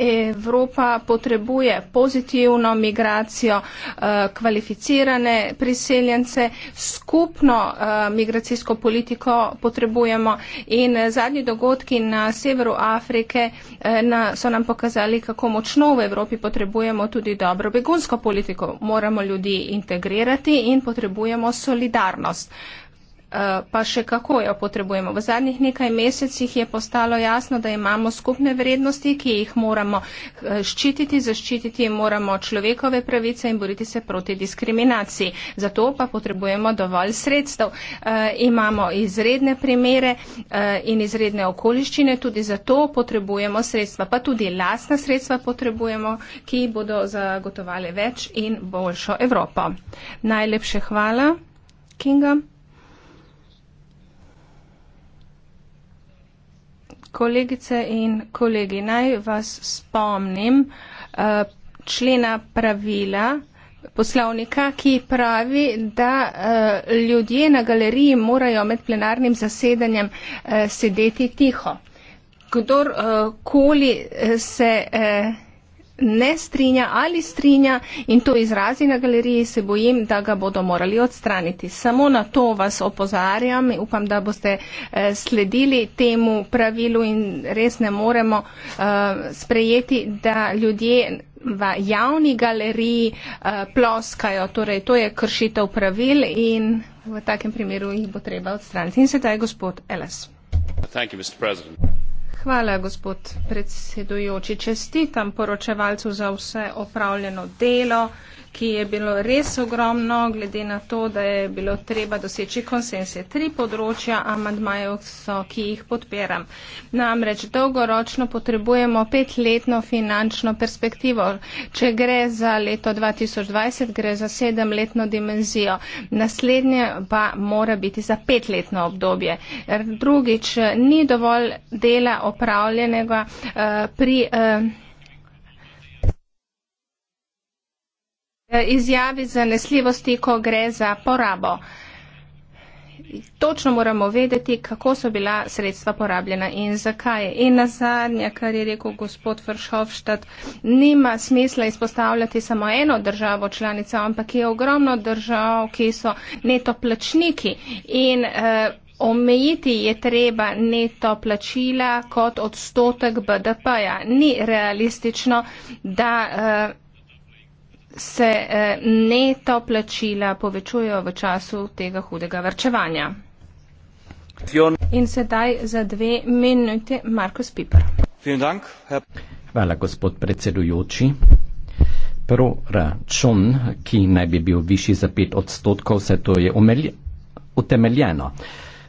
Evropa potrebuje pozitivno migracijo, eh, kvalificirane priseljence, skupno eh, migracijsko politiko potrebujemo in eh, zadnji dogodki na severu Afrike so nam pokazali, kako močno v Evropi potrebujemo tudi dobro begunsko politiko. Moramo ljudi integrirati in potrebujemo solidarnost. Eh, pa še kako jo potrebujemo. V zadnjih nekaj mesecih je postalo jasno, da imamo skupne vrednosti, ki jih moramo eh, ščititi, zaščititi moramo človekove pravice in boriti se proti diskriminaciji. Zato pa potrebujemo dovolj sredstev. E, imamo izredne primere e, in izredne okoliščine, tudi zato potrebujemo sredstva, pa tudi lasna sredstva potrebujemo, ki bodo zagotovali več in boljšo Evropo. Najlepše hvala, Kinga. kolegice in kolegi, naj vas spomnim eh, člena pravila poslovnika, ki pravi, da eh, ljudje na galeriji morajo med plenarnim zasedanjem eh, sedeti tiho. Kdorkoli se sedeti, ne strinja ali strinja in to izrazi na galeriji, se bojim, da ga bodo morali odstraniti. Samo na to vas opozarjam in upam, da boste eh, sledili temu pravilu in res ne moremo eh, sprejeti, da ljudje v javni galeriji eh, ploskajo. Torej, to je kršitev pravil in v takem primeru jih bo treba odstraniti. In sedaj gospod Ellis. Thank you, Mr. President. Hvala, gospod predsedujoči. Čestitam poročevalcu za vse opravljeno delo ki je bilo res ogromno, glede na to, da je bilo treba doseči konsense. Tri področja amandmajev so, ki jih podpiram. Namreč dolgoročno potrebujemo petletno finančno perspektivo. Če gre za leto 2020, gre za sedemletno dimenzijo. Naslednje pa mora biti za petletno obdobje. Drugič, ni dovolj dela opravljenega uh, pri. Uh, Eh, izjavi zanesljivosti, ko gre za porabo. Točno moramo vedeti, kako so bila sredstva porabljena in zakaj. In na zadnje, kar je rekel gospod Vršovštad, nima smisla izpostavljati samo eno državo članica, ampak je ogromno držav, ki so netoplačniki in eh, omejiti je treba netoplačila kot odstotek BDP-ja. Ni realistično, da. Eh, se eh, neto plačila povečujejo v času tega hudega vrčevanja. In sedaj za dve minute Marko Spiper. Hvala, gospod predsedujoči. Proračun, ki naj bi bil višji za pet odstotkov, se to je utemeljeno. Umelj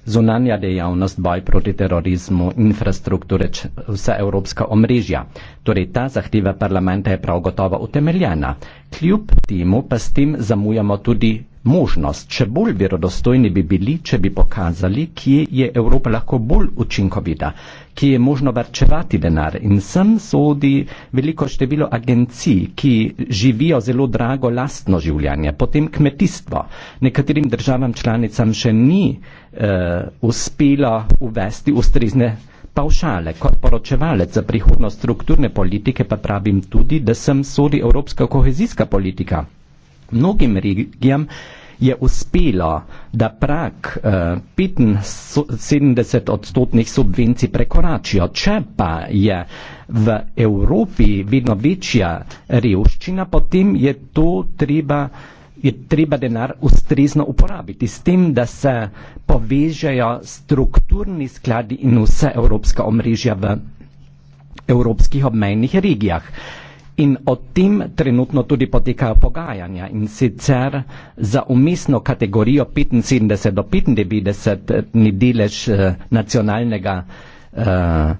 zunanja dejavnost, boj proti terorizmu, infrastrukture, vse evropska omrežja. Torej ta zahteva parlamenta je prav gotovo utemeljena. Kljub temu pa s tem zamujamo tudi možnost, če bolj verodostojni bi bili, če bi pokazali, kje je Evropa lahko bolj učinkovita, kje je možno varčevati denar. In sem sodi veliko število agencij, ki živijo zelo drago lastno življanje, potem kmetijstvo. Nekaterim državam članicam še ni uh, uspelo uvesti ustrezne pavšale. Kot poročevalec za prihodnost strukturne politike pa pravim tudi, da sem sodi evropska kohezijska politika mnogim regijam je uspelo, da prak eh, 75-odstotnih subvencij prekoračijo. Če pa je v Evropi vedno večja revščina, potem je to treba je treba denar ustrezno uporabiti s tem, da se povežejo strukturni skladi in vse evropska omrežja v evropskih obmejnih regijah. Uh, In o tem trenutno tudi potekajo pogajanja in sicer za umestno kategorijo 75 do 95 ni delež eh, nacionalnega eh,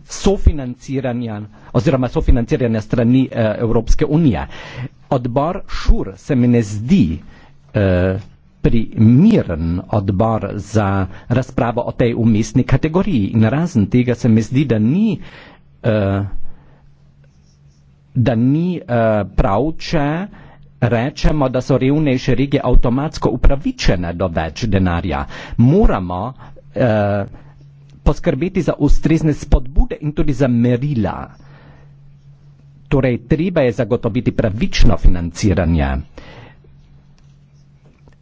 sofinanciranja oziroma sofinanciranja strani eh, Evropske unije. Odbor ŠUR se mi ne zdi primiren odbor za razpravo o tej umestni kategoriji in razen tega se mi zdi, da ni da ni uh, prav, če rečemo, da so revnejše regije avtomatsko upravičene do več denarja. Moramo uh, poskrbeti za ustrezne spodbude in tudi za merila. Torej, treba je zagotoviti pravično financiranje. Uh,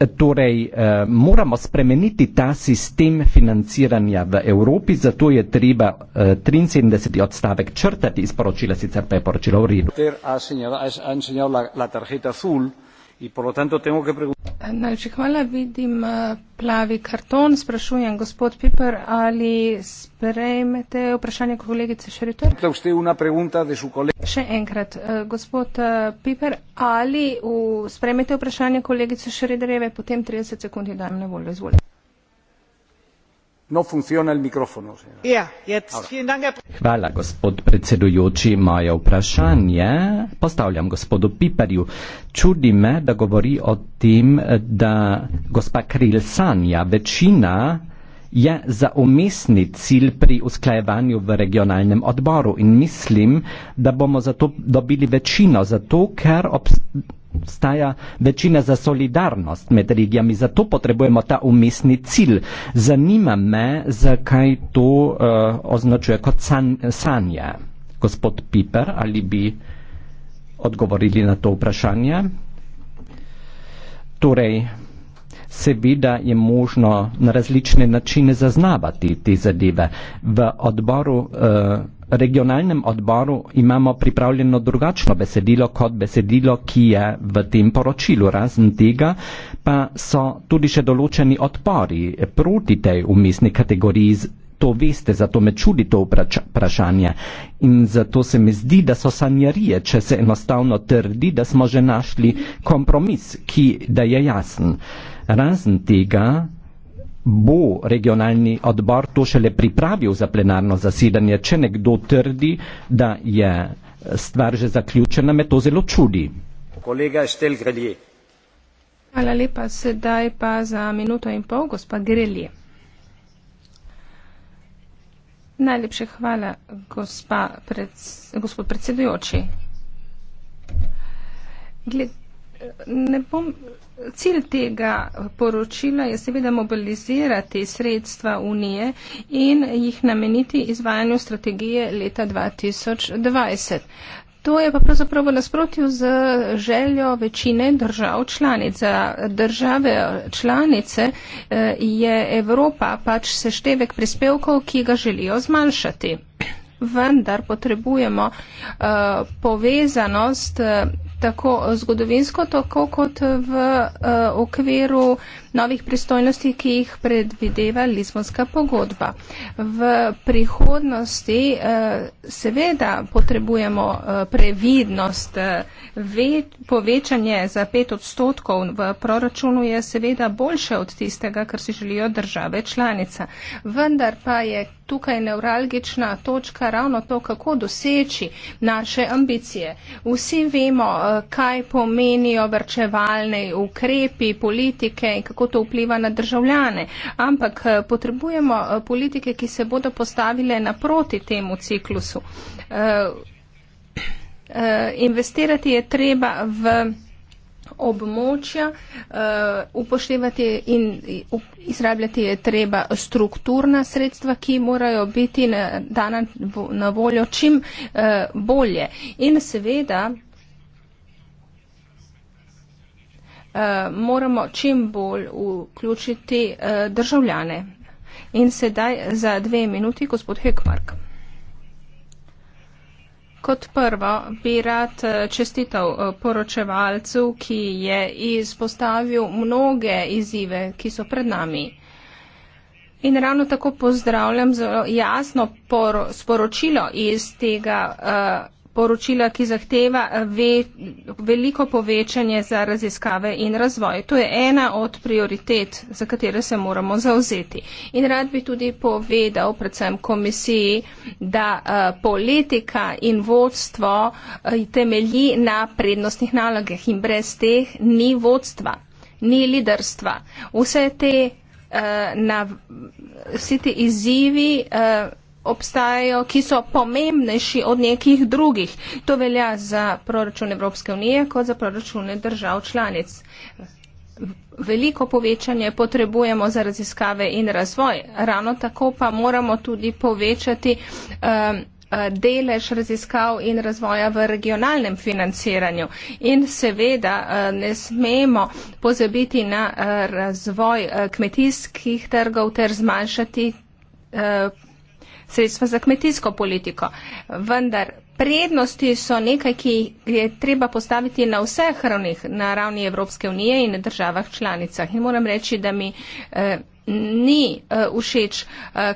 Torej, eh, moramo spremeniti ta sistem financiranja v Evropi, zato je treba eh, 73. odstavek črtati iz poročila, sicer pa je poročilo v redu. Najlepša hvala. Vidim eh, plavi karton. Sprašujem, gospod Piper, ali sprejmete vprašanje kolegice Šeritor? Še enkrat, gospod Piper, ali sprejmete vprašanje kolegice Šeritorjeve, potem 30 sekund je dajem na voljo. Izvolite. No ja, ja, Hvala, gospod predsedujoči. Moje vprašanje postavljam gospodu Piperju. Čudi me, da govori o tem, da gospa Kril sanja. Večina je za umestni cilj pri usklajevanju v regionalnem odboru in mislim, da bomo zato dobili večino, zato ker obstaja večina za solidarnost med regijami, zato potrebujemo ta umestni cilj. Zanima me, zakaj to uh, označuje kot san, sanje. Gospod Piper, ali bi odgovorili na to vprašanje? Torej, seveda je možno na različne načine zaznavati te zadeve. V odboru, eh, regionalnem odboru imamo pripravljeno drugačno besedilo kot besedilo, ki je v tem poročilu. Razen tega pa so tudi še določeni odpori proti tej umestni kategoriji. To veste, zato me čudi to vprašanje. In zato se mi zdi, da so sanjarije, če se enostavno trdi, da smo že našli kompromis, ki da je jasen. Uh, Razen tega bo regionalni odbor to šele pripravil za plenarno zasedanje. Če nekdo trdi, da je stvar že zaključena, me to zelo čudi. Kolega Štelgradje. Hvala lepa. Sedaj pa za minuto in pol, gospod Grelje. Najlepše hvala, gospa, pred, gospod predsedujoči. Gled, ne bom Cilj tega poročila je seveda mobilizirati sredstva Unije in jih nameniti izvajanju strategije leta 2020. To je pa pravzaprav v nasprotju z željo večine držav članic. Za države članice eh, je Evropa pač seštevek prispevkov, ki ga želijo zmanjšati. Vendar potrebujemo uh, povezanost uh, tako zgodovinsko, tako kot v uh, okviru novih pristojnosti, ki jih predvideva Lizbonska pogodba. V prihodnosti uh, seveda potrebujemo uh, previdnost, uh, ve, povečanje za pet odstotkov v proračunu je seveda boljše od tistega, kar si želijo države članica. Vendar pa je tukaj nevralgična točka ravno to, kako doseči naše ambicije. Vsi vemo, eh, kaj pomenijo vrčevalne ukrepi, politike in kako to vpliva na državljane, ampak eh, potrebujemo eh, politike, ki se bodo postavile naproti temu ciklusu. Investirati je treba v območja, uh, upoštevati in izrabljati je treba strukturna sredstva, ki morajo biti na, dana na voljo čim uh, bolje. In seveda uh, moramo čim bolj vključiti uh, državljane. In sedaj za dve minuti, gospod Hekmark. Kot prvo bi rad eh, čestital eh, poročevalcu, ki je izpostavil mnoge izzive, ki so pred nami. In ravno tako pozdravljam zelo jasno sporočilo iz tega. Uh, poročila, ki zahteva eh, ve, veliko povečanje za raziskave in razvoj. To je ena od prioritet, za katere se moramo zauzeti. In rad bi tudi povedal predvsem komisiji, da uh, politika in vodstvo uh, temelji na prednostnih nalogah in brez teh ni vodstva, ni liderstva. Vse te, uh, na, vse te izzivi. Uh, obstajajo, ki so pomembnejši od nekih drugih. To velja za proračun Evropske unije kot za proračune držav članic. Veliko povečanje potrebujemo za raziskave in razvoj, ravno tako pa moramo tudi povečati um, uh, delež raziskav in razvoja v regionalnem financiranju. In seveda uh, ne smemo pozabiti na uh, razvoj kmetijskih trgov ter zmanjšati sredstva za kmetijsko politiko. Vendar prednosti so nekaj, ki je treba postaviti na vseh ravnih, na ravni Evropske unije in na državah članicah. In moram reči, da mi. Eh, Ni uh, všeč, uh,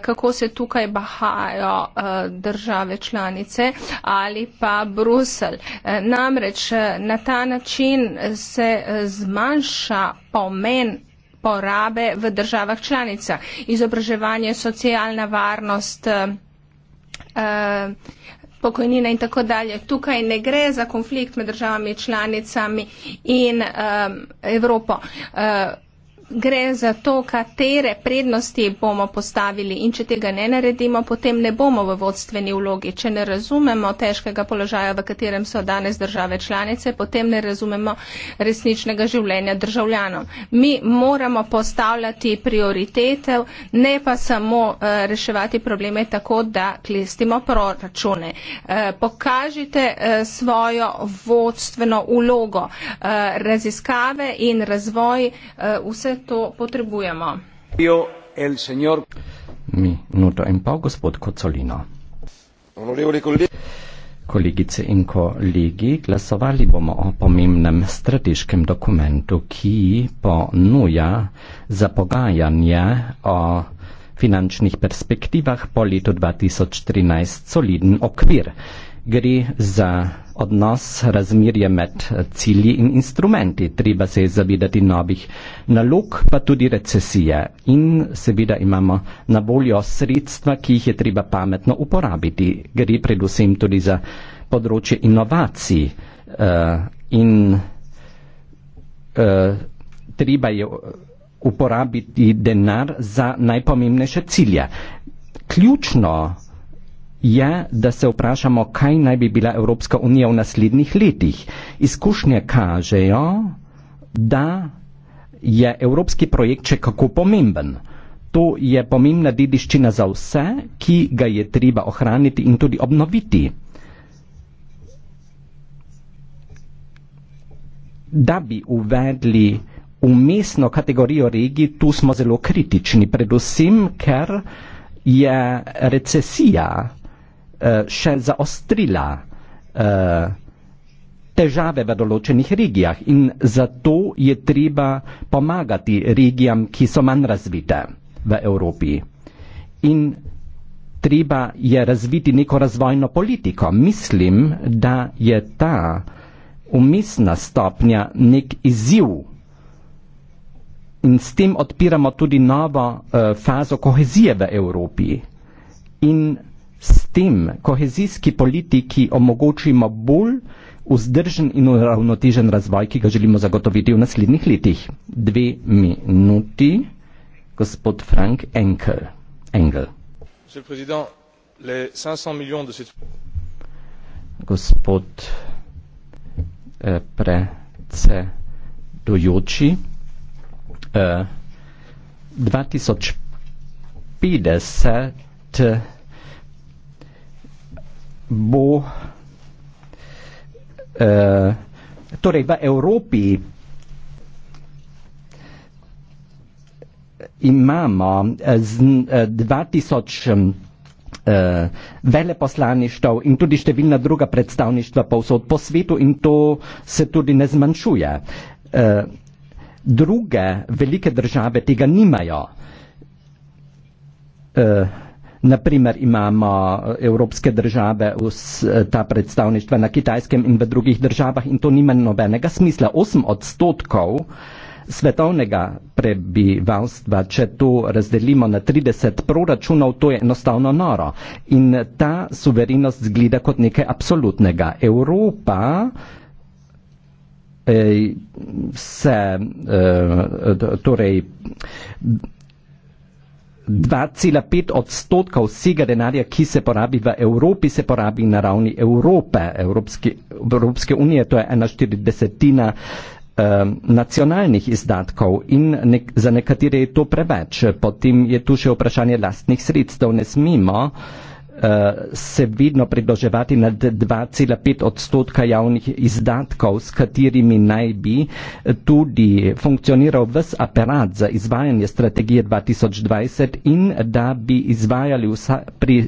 kako se tukaj bahajo uh, države članice ali pa Brusel. Uh, namreč uh, na ta način se uh, zmanjša pomen porabe v državah članicah. Izobraževanje, socialna varnost, eh, eh, pokojnina in tako dalje. Tukaj ne gre za konflikt med državami članicami in eh, Evropo gre za to, katere prednosti bomo postavili in če tega ne naredimo, potem ne bomo v vodstveni vlogi. Če ne razumemo težkega položaja, v katerem so danes države članice, potem ne razumemo resničnega življenja državljanov. Mi moramo postavljati prioritete, ne pa samo uh, reševati probleme tako, da klistimo proračune. Uh, pokažite uh, svojo vodstveno vlogo. Uh, raziskave in razvoj uh, vse to potrebujemo. Minuto in pol, gospod Kocolino. Kolegice in kolegi, glasovali bomo o pomembnem strateškem dokumentu, ki ponuja za pogajanje o finančnih perspektivah po letu 2013 soliden okvir. Gre za odnos, razmerje med eh, cilji in instrumenti. Treba se je zavedati novih nalog, pa tudi recesije. In seveda imamo na voljo sredstva, ki jih je treba pametno uporabiti. Gre predvsem tudi za področje inovacij uh, in uh, treba je uporabiti denar za najpomembnejše cilje. Ključno je, da se vprašamo, kaj naj bi bila Evropska unija v naslednjih letih. Izkušnje kažejo, da je evropski projekt še kako pomemben. To je pomembna dediščina za vse, ki ga je treba ohraniti in tudi obnoviti. Da bi uvedli umestno kategorijo regij, tu smo zelo kritični, predvsem ker je recesija Eh, še zaostrila eh, težave v določenih regijah in zato je treba pomagati regijam, ki so manj razvite v Evropi. In treba je razviti neko razvojno politiko. Mislim, da je ta umestna stopnja nek izziv in s tem odpiramo tudi novo uh, fazo kohezije v Evropi. In S tem kohezijski politiki omogočimo bolj vzdržen in uravnotežen razvoj, ki ga želimo zagotoviti v naslednjih letih. Dve minuti, gospod Frank Enkel. Engel. Gospod eh, predsedujoči, eh, 2050 bo. Uh, torej, v Evropi imamo eh, z, uh, 2000 uh, veleposlaništev in tudi številna druga predstavništva povsod po svetu in to se tudi ne zmanjšuje. Uh, druge velike države tega nimajo. Uh, Naprimer imamo eh, evropske države, eh, ta predstavništva na kitajskem in v drugih državah in to nima nobenega smisla. 8 odstotkov svetovnega prebivalstva, če to razdelimo na 30 proračunov, to je enostavno noro. In ta suverenost zgleda kot nekaj absolutnega. Evropa se eh, torej 2,5 odstotka vsega denarja, ki se porabi v Evropi, se porabi na ravni Evrope, Evropski, Evropske unije, to je ena štiridesetina eh, nacionalnih izdatkov in nek, za nekatere je to preveč. Potem je tu še vprašanje lastnih sredstev. Ne smemo uh, Eh, se vidno pridoževati nad 2,5 odstotka javnih izdatkov, s katerimi naj bi tudi funkcioniral ves aparat za izvajanje strategije 2020 in da bi izvajali vsa, pri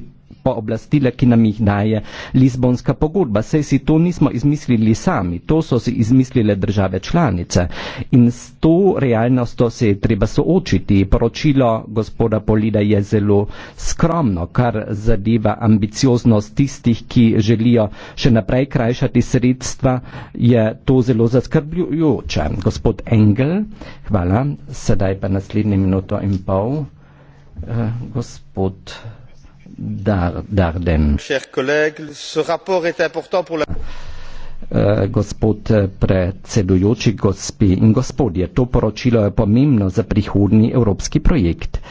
pooblastila, ki nam jih daje Lizbonska pogodba. Sej si to nismo izmislili sami, to so si izmislile države članice in s to realnostjo se je treba soočiti. Poročilo gospoda Polida je zelo skromno, kar zadeva ambicioznost tistih, ki želijo še naprej krajšati sredstva, je to zelo zaskrbljujoče. Gospod Engel, hvala, sedaj pa naslednje minuto in pol. Uh, gospod. Darden. Eh, gospod eh, predsedujoči, gospe in gospodje, to poročilo je pomembno za prihodni evropski projekt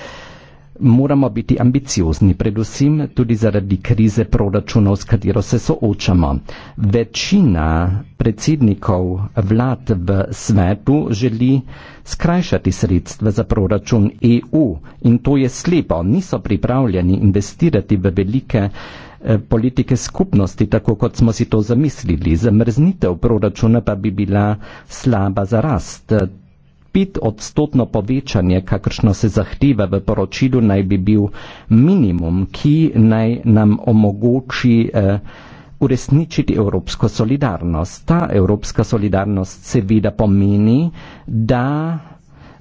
moramo biti ambiciozni, predvsem tudi zaradi krize proračunov, s katero se soočamo. Večina predsednikov vlad v svetu želi skrajšati sredstva za proračun EU in to je slepo. Niso pripravljeni investirati v velike eh, politike skupnosti, tako kot smo si to zamislili. Zamrznitev proračuna pa bi bila slaba za rast. 5-odstotno povečanje, kakršno se zahteva v poročilu, naj bi bil minimum, ki naj nam omogoči eh, uresničiti evropsko solidarnost. Ta evropska solidarnost seveda pomeni, da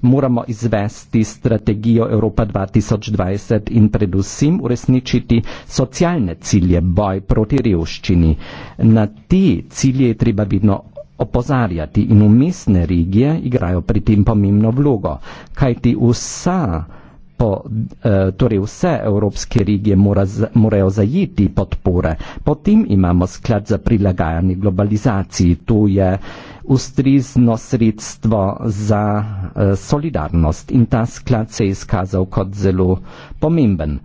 moramo izvesti strategijo Evropa 2020 in predvsem uresničiti socialne cilje, boj proti revščini. Na te cilje je treba vedno opozarjati in umestne regije igrajo pri tem pomembno vlogo, kajti vsa Po, eh, torej vse evropske regije mora, morajo zajeti podpore. Potem imamo sklad za prilagajanje globalizaciji, to je ustrezno sredstvo za uh, solidarnost in ta sklad se je izkazal kot zelo pomemben.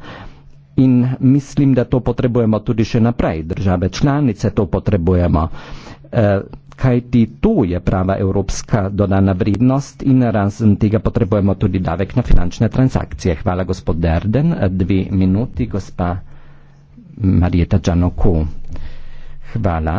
In mislim, da to potrebujemo tudi še naprej, države članice to potrebujemo. Uh, kajti tu je prava evropska dodana vrednost in razen tega potrebujemo tudi davek na finančne transakcije. Hvala gospod Derden. Dve minuti, gospa Marjeta Džanoko. Hvala.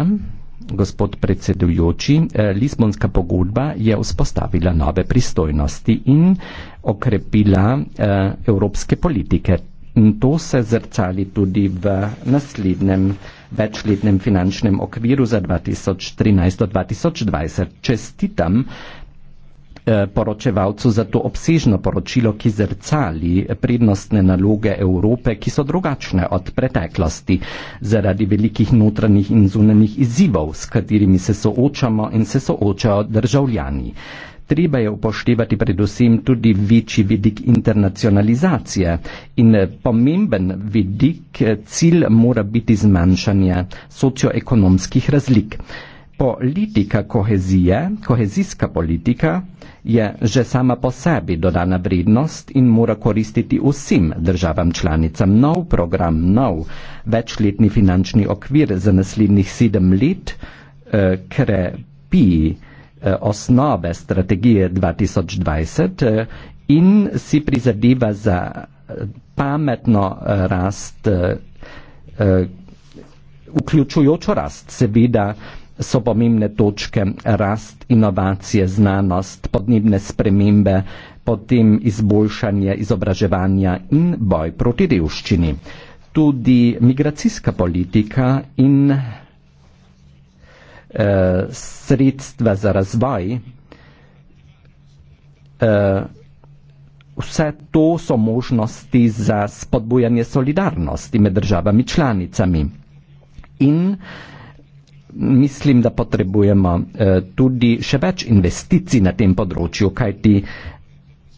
Gospod predsedujoči, eh, Lisbonska pogodba je vzpostavila nove pristojnosti in okrepila eh, evropske politike. In to se zrcali tudi v naslednjem večletnem finančnem okviru za 2013-2020. Čestitam eh, poročevalcu za to obsežno poročilo, ki zrcali prednostne naloge Evrope, ki so drugačne od preteklosti zaradi velikih notranjih in zunanjih izzivov, s katerimi se soočamo in se soočajo državljani. Treba je upoštevati predvsem tudi večji vidik internacionalizacije in eh, pomemben vidik eh, cilj mora biti zmanjšanje socioekonomskih razlik. Politika kohezije, kohezijska politika je že sama po sebi dodana vrednost in mora koristiti vsem državam članicam. Nov program, nov večletni finančni okvir za naslednjih sedem let eh, krepi. Eh, osnove strategije 2020 eh, in si prizadeva za eh, pametno rast, vključujočo rast, seveda so pomembne točke rast, inovacije, znanost, podnebne spremembe, potem izboljšanje izobraževanja in boj proti revščini. Tudi migracijska politika in Eh, sredstva za razvoj, eh, vse to so možnosti za spodbujanje solidarnosti med državami članicami. In mislim, da potrebujemo eh, tudi še več investicij na tem področju, kajti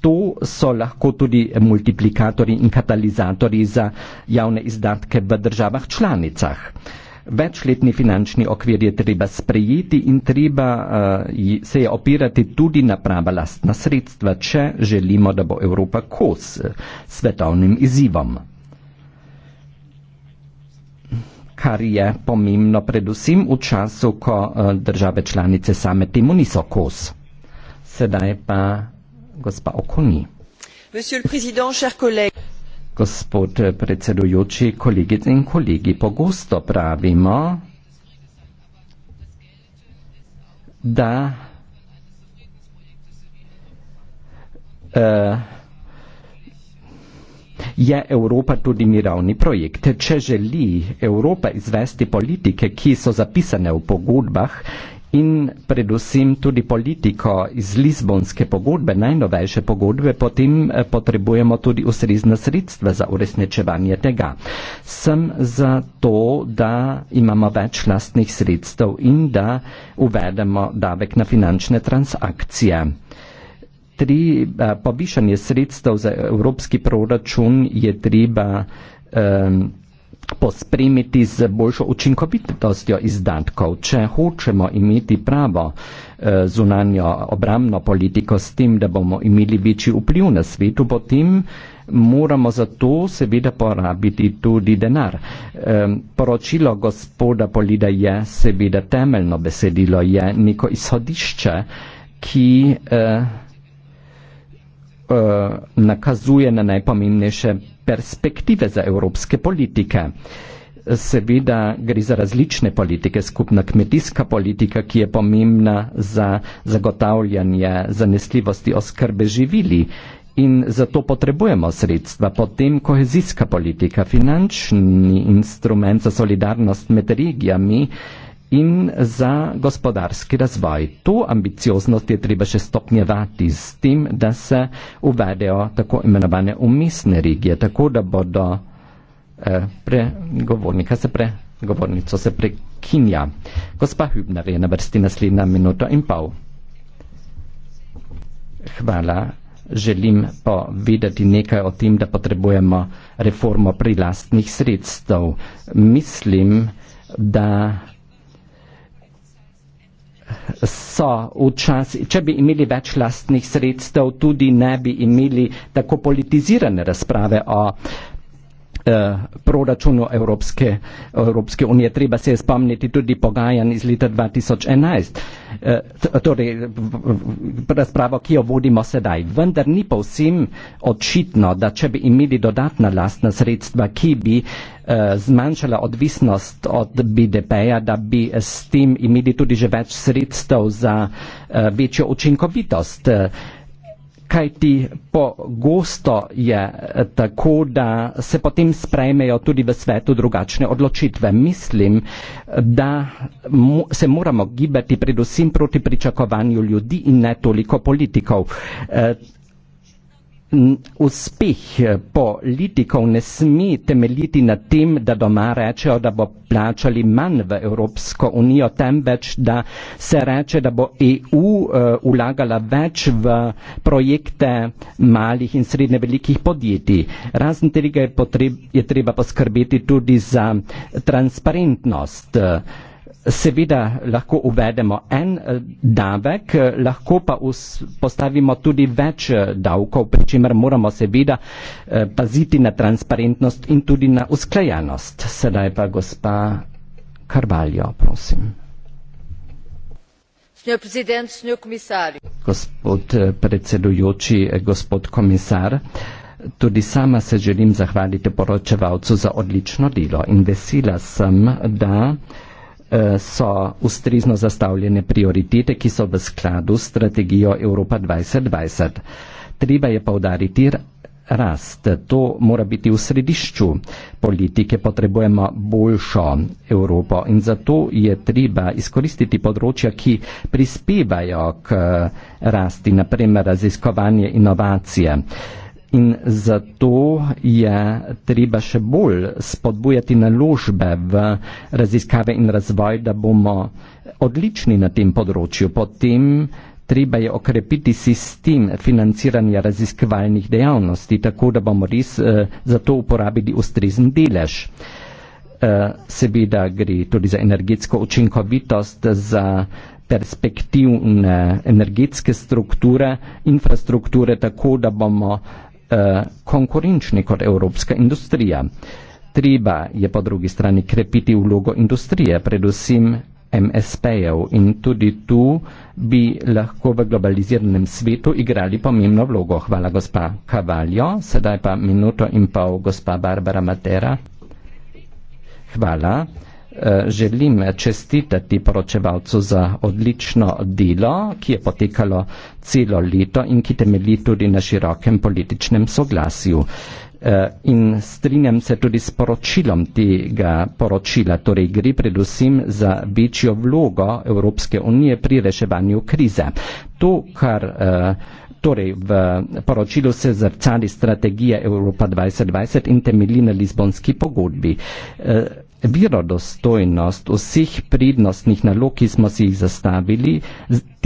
to so lahko tudi multiplikatori in katalizatori za javne izdatke v državah članicah večletni finančni okvir je treba sprejeti in treba uh, se je opirati tudi na prava lastna sredstva, če želimo, da bo Evropa kos eh, svetovnim izzivom. Kar je pomembno predvsem v času, ko uh, države članice same temu niso kos. Sedaj pa gospa Okoni. Monsieur le Président, chers collègues. Gospod predsedujoči, kolegice in kolegi, pogosto pravimo, da uh, je Evropa tudi mirovni projekt. Če želi Evropa izvesti politike, ki so zapisane v pogodbah in predvsem tudi politiko iz Lizbonske pogodbe, najnovejše pogodbe, potem eh, potrebujemo tudi ustrezna sredstva za uresničevanje tega. Sem za to, da imamo več lastnih sredstev in da uvedemo davek na finančne transakcije. Tri, eh, povišanje sredstev za evropski proračun je treba um, pospremiti z boljšo učinkovitostjo izdatkov. Če hočemo imeti pravo eh, zunanjo obramno politiko s tem, da bomo imeli večji vpliv na svetu, potem moramo za to seveda porabiti tudi denar. Eh, poročilo gospoda Polida je seveda temeljno besedilo, je neko izhodišče, ki. Eh, Eh, nakazuje na najpomembnejše perspektive za evropske politike. Seveda gre za različne politike, skupna kmetijska politika, ki je pomembna za zagotavljanje zanesljivosti oskrbe živili in zato potrebujemo sredstva. Potem kohezijska politika, finančni instrument za solidarnost med regijami, in za gospodarski razvoj. To ambicioznost je treba še stopnjevati s tem, da se uvedejo tako imenovane umestne regije, tako da bodo eh, pregovornika se pre. Govornico se prekinja. Gospa Hübner je na vrsti naslednja minuto in pol. Hvala. Želim pa vedeti nekaj o tem, da potrebujemo reformo pri lastnih sredstev. Mislim, da so včasih, če bi imeli več lastnih sredstev, tudi ne bi imeli tako politizirane razprave o Eh, proračunu Evropske, Evropske unije. Treba se spomniti tudi pogajanj iz leta 2011, eh, torej razpravo, ki jo vodimo sedaj. Vendar ni povsem očitno, da če bi imeli dodatna lastna sredstva, ki bi eh, zmanjšala odvisnost od BDP-ja, da bi s tem imeli tudi že več sredstev za večjo učinkovitost kajti pogosto je eh, tako, da se potem sprejmejo tudi v svetu drugačne odločitve. Mislim, da se moramo gibati predvsem proti pričakovanju ljudi in ne toliko politikov. Eh, uspeh eh, politikov ne sme temeljiti na tem, da doma rečejo, da bo plačali manj v Evropsko unijo, temveč da se reče, da bo EU ulagala eh, več v projekte malih in srednje velikih podjetij. Razen tega je, potreb, je treba poskrbeti tudi za transparentnost. Eh, seveda lahko uvedemo en eh, davek, eh, lahko pa postavimo tudi več eh, davkov, pri čemer moramo seveda paziti na transparentnost in tudi na usklajenost. Sedaj pa gospa Karvaljo, prosim. Gospod predsedujoči, gospod komisar, tudi sama se želim zahvaliti poročevalcu za odlično delo in vesela sem, da Eh, so ustrezno zastavljene prioritete, ki so v skladu s strategijo Evropa 2020. Treba je povdariti rast. To mora biti v središču politike. Potrebujemo boljšo Evropo in zato je treba izkoristiti področja, ki prispevajo k eh, rasti, naprimer raziskovanje inovacije. Uh, In zato je treba še bolj spodbujati naložbe v raziskave in razvoj, da bomo odlični na tem področju. Potem treba je okrepiti sistem financiranja raziskovalnih dejavnosti, tako da bomo res eh, za to uporabili ustrezen delež. Eh, seveda gre tudi za energetsko učinkovitost, za perspektivne energetske strukture, infrastrukture, tako da bomo Eh, konkurenčni kot evropska industrija. Treba je po drugi strani krepiti vlogo industrije, predvsem MSP-jev in tudi tu bi lahko v globaliziranem svetu igrali pomembno vlogo. Hvala gospa Kavaljo, sedaj pa minuto in pol gospa Barbara Matera. Hvala. Eh, želim čestitati poročevalcu za odlično delo, ki je potekalo celo leto in ki temelji tudi na širokem političnem soglasju. Eh, in strinjam se tudi s poročilom tega poročila, torej gre predvsem za večjo vlogo Evropske unije pri reševanju krize. To, kar eh, torej v poročilu se zrcali strategija Evropa 2020 in temelji na Lizbonski pogodbi. Verodostojnost vseh prednostnih nalog, ki smo si jih zastavili,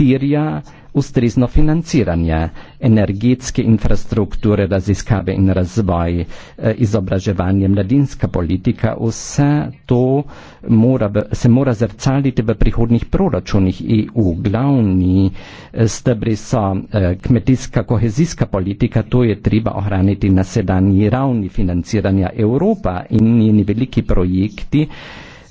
terja ustrezno financiranje energetske infrastrukture, raziskave in razvoj, eh, izobraževanje, mladinska politika, vse to mora, se mora zrcaliti v prihodnih proračunih EU. Glavni eh, stebri so eh, kmetijska kohezijska politika, to je treba ohraniti na sedanji ravni financiranja Evropa in njeni veliki projekti.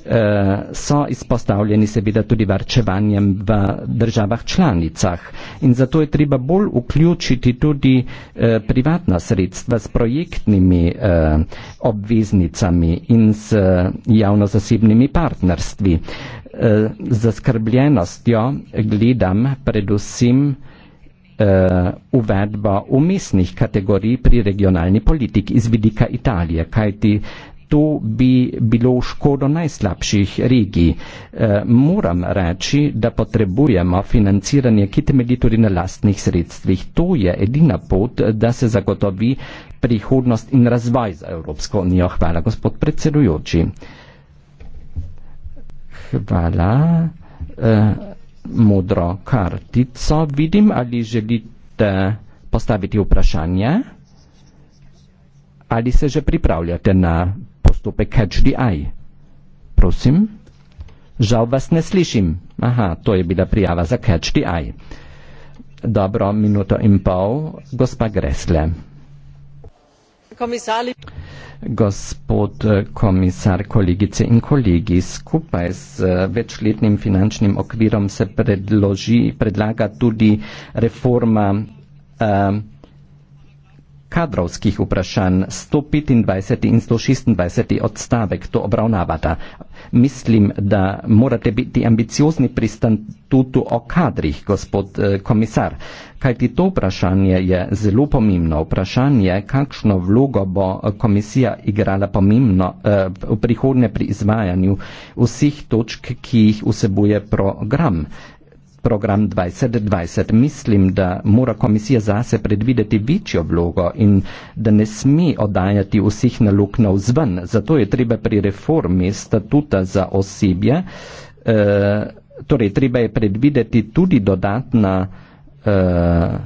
Eh, so izpostavljeni seveda tudi varčevanjem v državah članicah. In zato je treba bolj vključiti tudi eh, privatna sredstva s projektnimi eh, obveznicami in s eh, javno-zasebnimi partnerstvi. Eh, zaskrbljenostjo gledam predvsem eh, uvedbo umestnih kategorij pri regionalni politiki iz vidika Italije, kajti to bi bilo v škodo najslabših regij. E, moram reči, da potrebujemo financiranje, ki temelji tudi na lastnih sredstvih. To je edina pot, da se zagotovi prihodnost in razvoj za Evropsko unijo. Hvala, gospod predsedujoči. Hvala. E, modro kartico vidim, ali želite postaviti vprašanje. Ali se že pripravljate na stope catch the eye. Prosim. Žal vas ne slišim. Aha, to je bila prijava za catch the eye. Dobro, minuto in pol, gospa Gresle. Komisali. Gospod eh, komisar, kolegice in kolegi, skupaj z eh, večletnim finančnim okvirom se predloži, predlaga tudi reforma. Uh, kadrovskih vprašanj 125 in 126 odstavek to obravnavata. Mislim, da morate biti ambiciozni pri statutu o kadrih, gospod eh, komisar. Kajti to vprašanje je zelo pomembno. Vprašanje, kakšno vlogo bo eh, komisija igrala pomembno eh, v prihodnje pri izvajanju vseh točk, ki jih vsebuje program program 2020. Mislim, da mora komisija zase predvideti večjo vlogo in da ne sme oddajati vseh nalog na vzven. Zato je treba pri reformi statuta za osebje, eh, torej treba je predvideti tudi dodatna eh,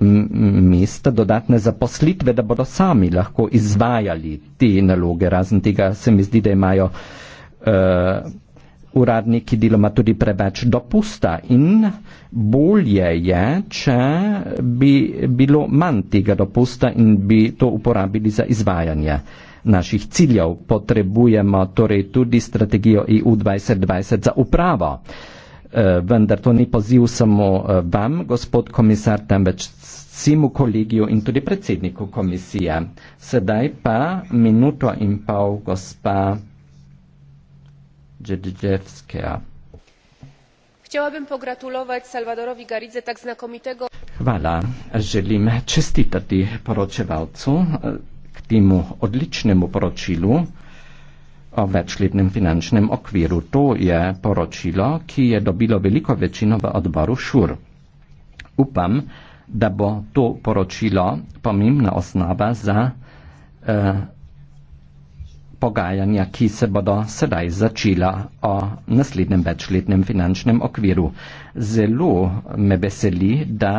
mesta, dodatne zaposlitve, da bodo sami lahko izvajali te naloge. Razen tega se mi zdi, da imajo. Eh, uradniki deloma tudi preveč dopusta in bolje je, če bi bilo manj tega dopusta in bi to uporabili za izvajanje naših ciljev. Potrebujemo torej tudi strategijo EU 2020 za upravo. Eh, vendar to ni poziv samo eh, vam, gospod komisar, temveč vsemu kolegiju in tudi predsedniku komisije. Sedaj pa minuto in pol, gospa dziedziczewskiego. Chciałabym pogratulować Salwadorowi Garidze tak znakomitego. Chwala. Żelim czestitati poroczewalcu, k temu odlicznemu poroczilu o weczlidnym finansznym okwiru. Tu je poroczilo, kije dobilo wielko wiecinowe odboru szur. Upam, da bo tu poroczilo pomimna osnowa za e, pogajanja, ki se bodo sedaj začela o naslednjem večletnem finančnem okviru. Zelo me veseli, da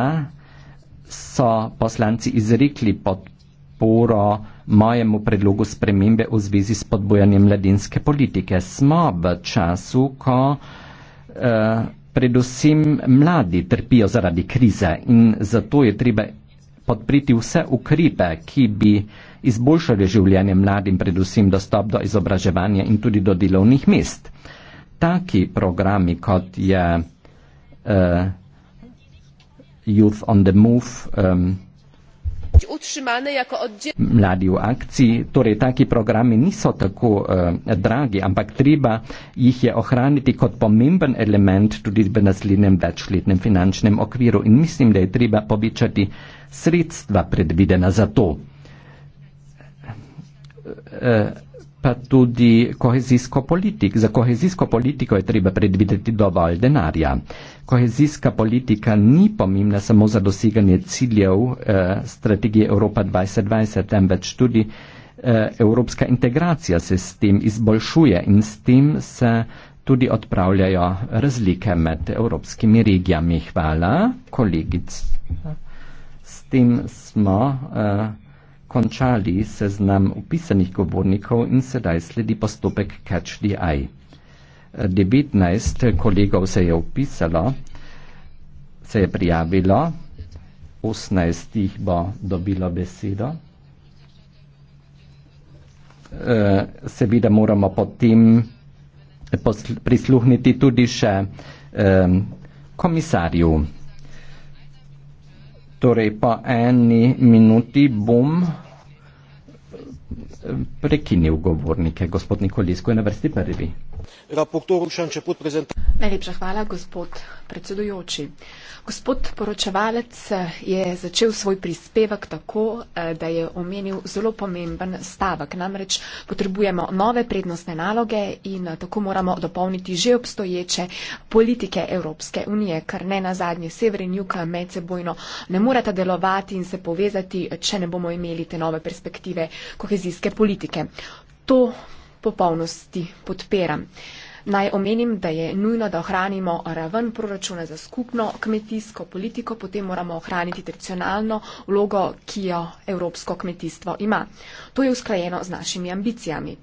so poslanci izrekli podporo mojemu predlogu spremembe v zvezi s podbojanjem mladinske politike. Smo v času, ko eh, predvsem mladi trpijo zaradi krize in zato je treba podpriti vse ukripe, ki bi izboljšali življenje mladim, predvsem dostop do izobraževanja in tudi do delovnih mest. Taki programi, kot je uh, Youth on the Move, um, być utrzymane jako oddzielne. akcji, które takie programy nie są tak e, drogie, ampak trzeba ich je ochronić jako pomimben element tudi w naslednim wieczletnym finansowym okwiru. I myślę, że trzeba powiększać środki przewidziane za to. E, e pa tudi kohezijsko politiko. Za kohezijsko politiko je treba predvideti dovolj denarja. Kohezijska politika ni pomembna samo za doseganje ciljev eh, strategije Evropa 2020, temveč tudi eh, evropska integracija se s tem izboljšuje in s tem se tudi odpravljajo razlike med evropskimi regijami. Hvala, kolegic. S tem smo. Eh, končali seznam upisanih govornikov in sedaj sledi postopek Catch the Eye. 19 kolegov se je upisalo, se je prijavilo, 18 jih bo dobilo besedo. Eh, seveda moramo potem prisluhniti tudi še komisarju. Torej, po eni minuti bom prekinil govornike. Gospod Nikolijsko je na vrsti prvi. Najlepša hvala, gospod predsedujoči. Gospod poročevalec je začel svoj prispevek tako, eh, da je omenil zelo pomemben stavek. Namreč potrebujemo nove prednostne naloge in eh, tako moramo dopolniti že obstoječe politike Evropske unije, ker ne na zadnje sever in juka eh, med sebojno ne morata delovati in se povezati, če ne bomo imeli te nove perspektive kohezijske politike. To popolnosti podpiram. Naj omenim, da je nujno, da ohranimo raven proračuna za skupno kmetijsko politiko, potem moramo ohraniti tradicionalno vlogo, ki jo evropsko kmetijstvo ima. To je usklajeno z našimi ambicijami.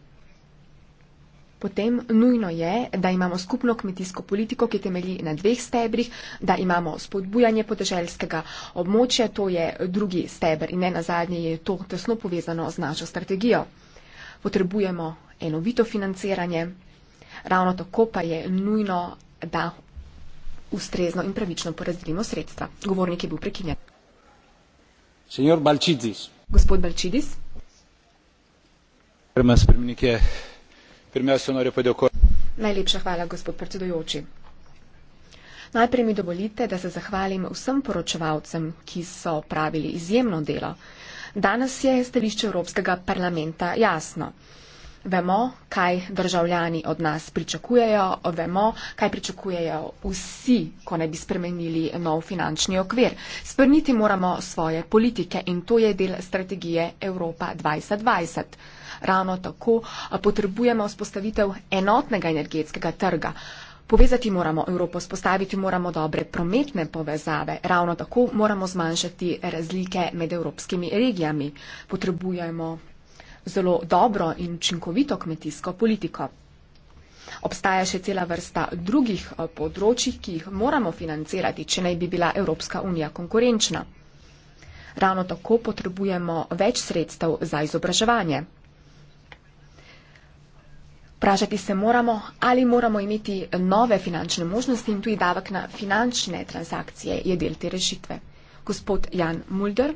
Potem nujno je, da imamo skupno kmetijsko politiko, ki temelji na dveh stebrih, da imamo spodbujanje podeželskega območja, to je drugi steber in ne nazadnje je to tesno povezano z našo strategijo. Potrebujemo enovito financiranje, ravno tako pa je nujno, da ustrezno in pravično porazdelimo sredstva. Govornik je bil prekinjen. Balčidis. Gospod Balčidis. Najlepša hvala, gospod predsedujoči. Najprej mi dovolite, da se zahvalim vsem poročevalcem, ki so opravili izjemno delo. Danes je stališče Evropskega parlamenta jasno vemo, kaj državljani od nas pričakujejo, vemo, kaj pričakujejo vsi, ko ne bi spremenili nov finančni okvir. Sprniti moramo svoje politike in to je del strategije Evropa 2020. Ravno tako potrebujemo vzpostavitev enotnega energetskega trga. Povezati moramo Evropo, spostaviti moramo dobre prometne povezave, ravno tako moramo zmanjšati razlike med evropskimi regijami. Potrebujemo zelo dobro in učinkovito kmetijsko politiko. Obstaja še cela vrsta drugih eh, področjih, ki jih moramo financirati, če naj bi bila Evropska unija konkurenčna. Ravno tako potrebujemo več sredstev za izobraževanje. Vprašati se moramo, ali moramo imeti nove finančne možnosti in tudi davek na finančne transakcije je del te rešitve. Gospod Jan Mulder.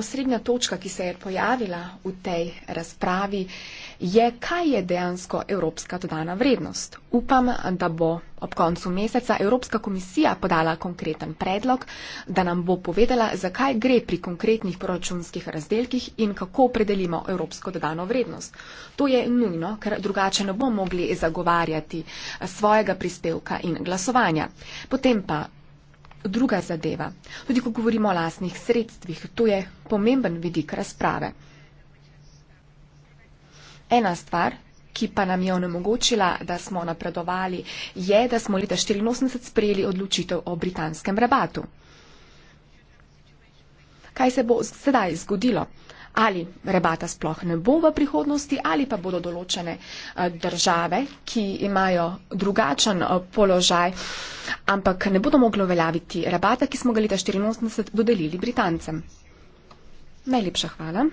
osrednja točka, ki se je pojavila v tej razpravi, je, kaj je dejansko evropska dodana vrednost. Upam, da bo ob koncu meseca Evropska komisija podala konkreten predlog, da nam bo povedala, zakaj gre pri konkretnih proračunskih razdelkih in kako predelimo evropsko dodano vrednost. To je nujno, ker drugače ne bomo mogli zagovarjati svojega prispevka in glasovanja. Potem pa druga zadeva. Tudi, ko govorimo o lasnih sredstvih, to je pomemben vidik razprave. Ena stvar, ki pa nam je onemogočila, da smo napredovali, je, da smo leta 1984 sprejeli odločitev o britanskem rabatu. Kaj se bo sedaj zgodilo? ali rebata sploh ne bo v prihodnosti ali pa bodo določene eh, države, ki imajo drugačen eh, položaj, ampak ne bodo mogli uveljaviti rebata, ki smo ga leta 1984 dodelili Britancem. Najlepša hvala.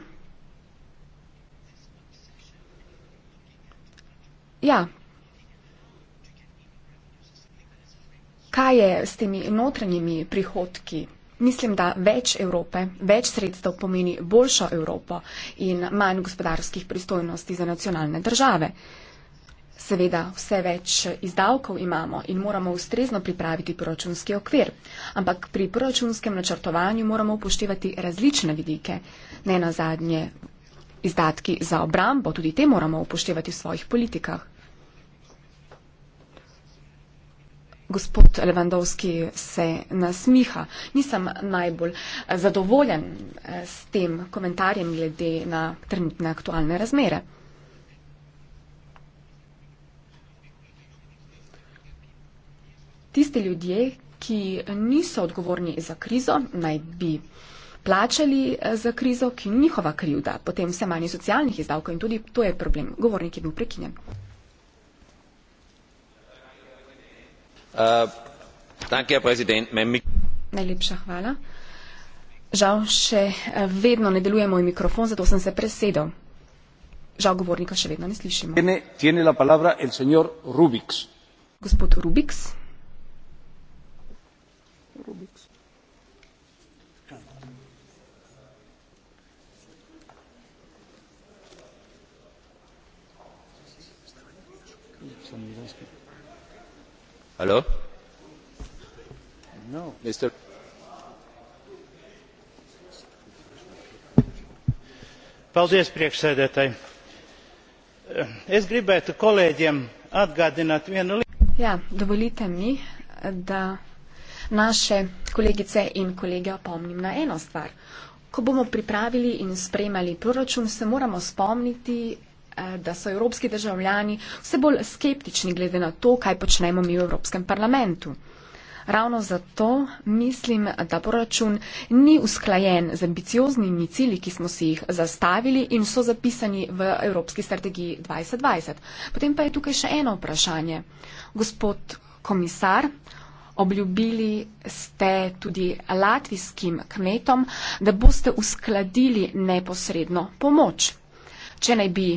Ja. Kaj je s temi notranjimi prihodki? Mislim, da več Evrope, več sredstev pomeni boljšo Evropo in manj gospodarskih pristojnosti za nacionalne države. Seveda, vse več izdavkov imamo in moramo ustrezno pripraviti proračunski okvir, ampak pri proračunskem načrtovanju moramo upoštevati različne vidike, ne na zadnje izdatki za obrambo, tudi te moramo upoštevati v svojih politikah. gospod Levandovski se nasmiha. Nisem najbolj eh, zadovoljen eh, s tem komentarjem glede na trenutne aktualne razmere. Tisti ljudje, ki niso odgovorni za krizo, naj bi plačali eh, za krizo, ki je njihova krivda, potem vse manj socialnih izdavkov in tudi to je problem. Govornik je bil prekinjen. Uh, Najlepša hvala. Žal še eh, vedno ne deluje moj mikrofon, zato sem se presedel. Žal govornika še vedno ne slišimo. Tiene, tiene la palabra el señor Rubix. Gospod Rubix. Rubix. No. paldies priekšsēdētāji es gribētu kolēģiem atgādināt vienu Jā, dovolite mi, da naše kolegice in kolege opomnim na eno stvar. Ko bomo pripravili in spremali proračun, se moramo spomniti, Eh, da so evropski državljani vse bolj skeptični glede na to, kaj počnemo mi v Evropskem parlamentu. Ravno zato mislim, da proračun ni usklajen z ambicioznimi cili, ki smo si jih zastavili in so zapisani v Evropski strategiji 2020. Potem pa je tukaj še eno vprašanje. Gospod komisar, obljubili ste tudi latvijskim kmetom, da boste uskladili neposredno pomoč. Če naj bi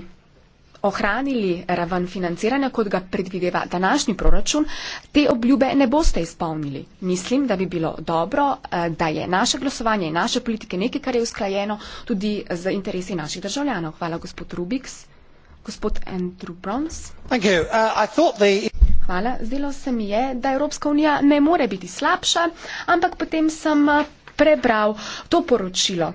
ohranili raven financiranja, kot ga predvideva današnji proračun, te obljube ne boste izpolnili. Mislim, da bi bilo dobro, eh, da je naše glasovanje in naše politike nekaj, kar je usklajeno tudi z interesi naših državljanov. Hvala, gospod Rubiks. Gospod Andrew Browns. Uh, Hvala. Zdelo se mi je, da Evropska unija ne more biti slabša, ampak potem sem eh, prebral to poročilo.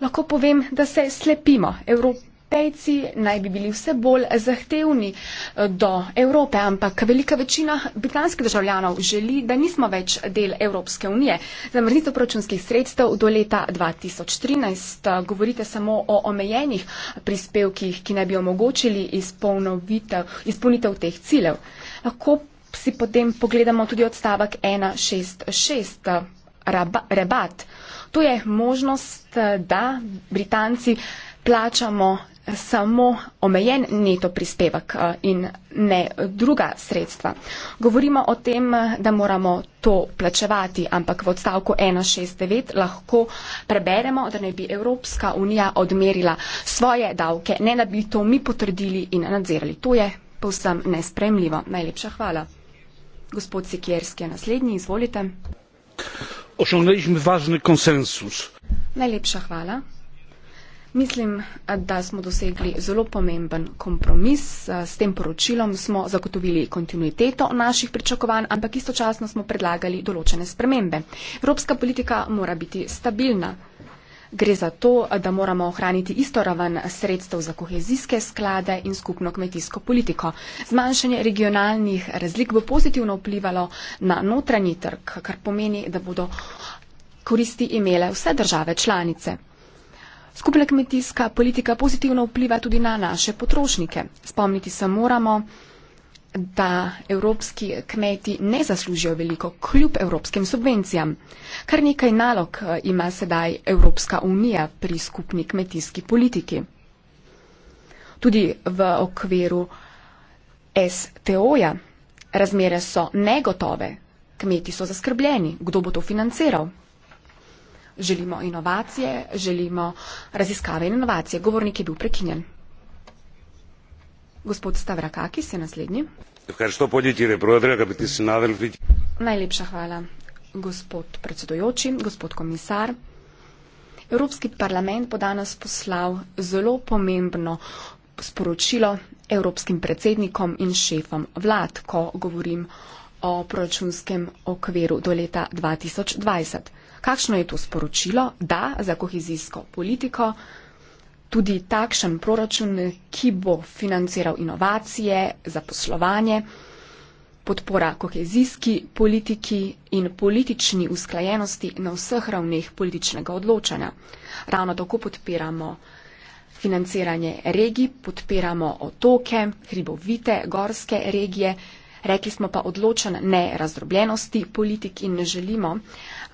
Lahko povem, da se slepimo. Evropa Evropejci naj bi bili vse bolj zahtevni eh, do Evrope, ampak velika večina britanskih državljanov želi, da nismo več del Evropske unije. Zamrznitev proračunskih sredstev do leta 2013 eh, govorite samo o omejenih prispevkih, ki naj bi omogočili izpolnitev teh ciljev. Lahko si potem pogledamo tudi odstavek 166 eh, rebat. To je možnost, da Britanci plačamo samo omejen neto prispevek eh, in ne druga sredstva. Govorimo o tem, eh, da moramo to plačevati, ampak v odstavku 169 lahko preberemo, da ne bi Evropska unija odmerila svoje davke, ne da bi to mi potrdili in nadzirali. To je povsem nespremljivo. Najlepša hvala. Gospod Sikerski je naslednji, izvolite. Najlepša hvala. Mislim, da smo dosegli zelo pomemben kompromis. Eh, s tem poročilom smo zagotovili kontinuiteto naših pričakovanj, ampak istočasno smo predlagali določene spremembe. Evropska politika mora biti stabilna. Gre za to, da moramo ohraniti isto raven sredstev za kohezijske sklade in skupno kmetijsko politiko. Zmanjšanje regionalnih razlik bo pozitivno vplivalo na notranji trg, kar pomeni, da bodo koristi imele vse države članice. Skupna kmetijska politika pozitivno vpliva tudi na naše potrošnike. Spomniti se moramo, da evropski kmeti ne zaslužijo veliko kljub evropskim subvencijam. Kar nekaj nalog eh, ima sedaj Evropska unija pri skupni kmetijski politiki. Tudi v okviru STO-ja razmere so negotove, kmeti so zaskrbljeni, kdo bo to financiral. Želimo inovacije, želimo raziskave in inovacije. Govornik je bil prekinjen. Gospod Stavrakakis je naslednji. Najlepša hvala, gospod predsedojoči, gospod komisar. Evropski parlament bo danes poslal zelo pomembno sporočilo evropskim predsednikom in šefom vlad, ko govorim o proračunskem okviru do leta 2020. Kakšno je to sporočilo? Da, za kohezijsko politiko tudi takšen proračun, ki bo financiral inovacije, zaposlovanje, podpora kohezijski politiki in politični usklajenosti na vseh ravneh političnega odločanja. Ravno tako podpiramo financiranje regij, podpiramo otoke, hribovite, gorske regije, rekli smo pa odločen ne razdrobljenosti politik in ne želimo,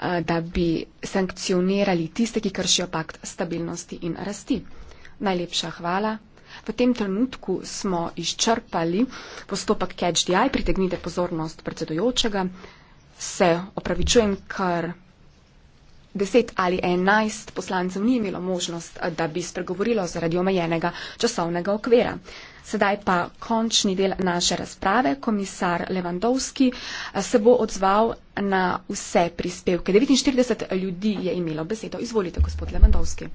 Eh, da bi sankcionirali tiste, ki kršijo pakt stabilnosti in rasti. Najlepša hvala. V tem trenutku smo izčrpali postopek CatchDI, pritegnite pozornost predsedojočega. Se opravičujem, ker deset ali enajst poslancev ni imelo možnost, da bi spregovorilo zaradi omejenega časovnega okvira. Sedaj pa končni del naše razprave. Komisar Levandovski eh, se bo odzval na vse prispevke. 49 ljudi je imelo besedo. Izvolite, gospod Levandovski.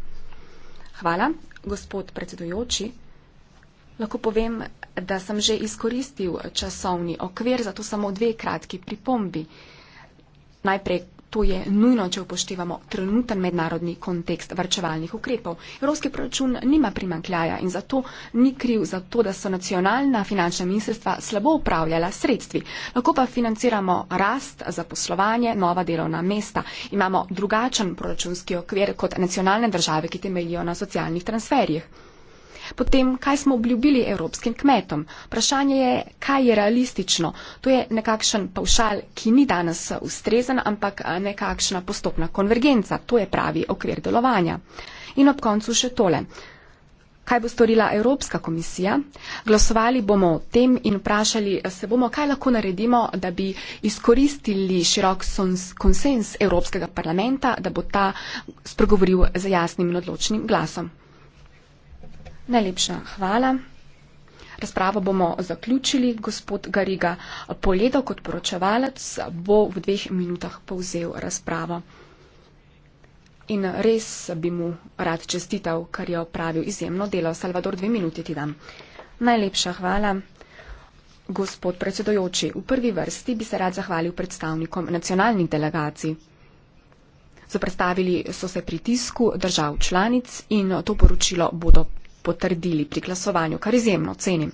Hvala, gospod predsedujoči. Lahko povem, da sem že izkoristil časovni okvir, zato samo dve kratki pripombi. Najprej To je nujno, če upoštevamo trenuten mednarodni kontekst vrčevalnih ukrepov. Evropski proračun nima primankljaja in zato ni kriv za to, da so nacionalna finančna ministrstva slabo upravljala sredstvi. Lahko pa financiramo rast za poslovanje, nova delovna mesta. Imamo drugačen proračunski okvir kot nacionalne države, ki temeljijo na socialnih transferjih potem kaj smo obljubili evropskim kmetom. Vprašanje je, kaj je realistično. To je nekakšen pavšal, ki ni danes ustrezen, ampak eh, nekakšna postopna konvergenca. To je pravi okvir delovanja. In ob koncu še tole. Kaj bo storila Evropska komisija? Glasovali bomo o tem in vprašali eh, se bomo, kaj lahko naredimo, da bi izkoristili širok konsens Evropskega parlamenta, da bo ta spregovoril z jasnim in odločnim glasom. Najlepša hvala. Razpravo bomo zaključili. Gospod Gariga Poledo kot poročevalec bo v dveh minutah povzel razpravo. In res bi mu rad čestital, ker je opravil izjemno delo. Salvador, dve minuti ti dam. Najlepša hvala. Gospod predsedojoči, v prvi vrsti bi se rad zahvalil predstavnikom nacionalnih delegacij. Zaprestavili so se pritisku držav članic in to poročilo bodo potrdili pri glasovanju, kar izjemno cenim.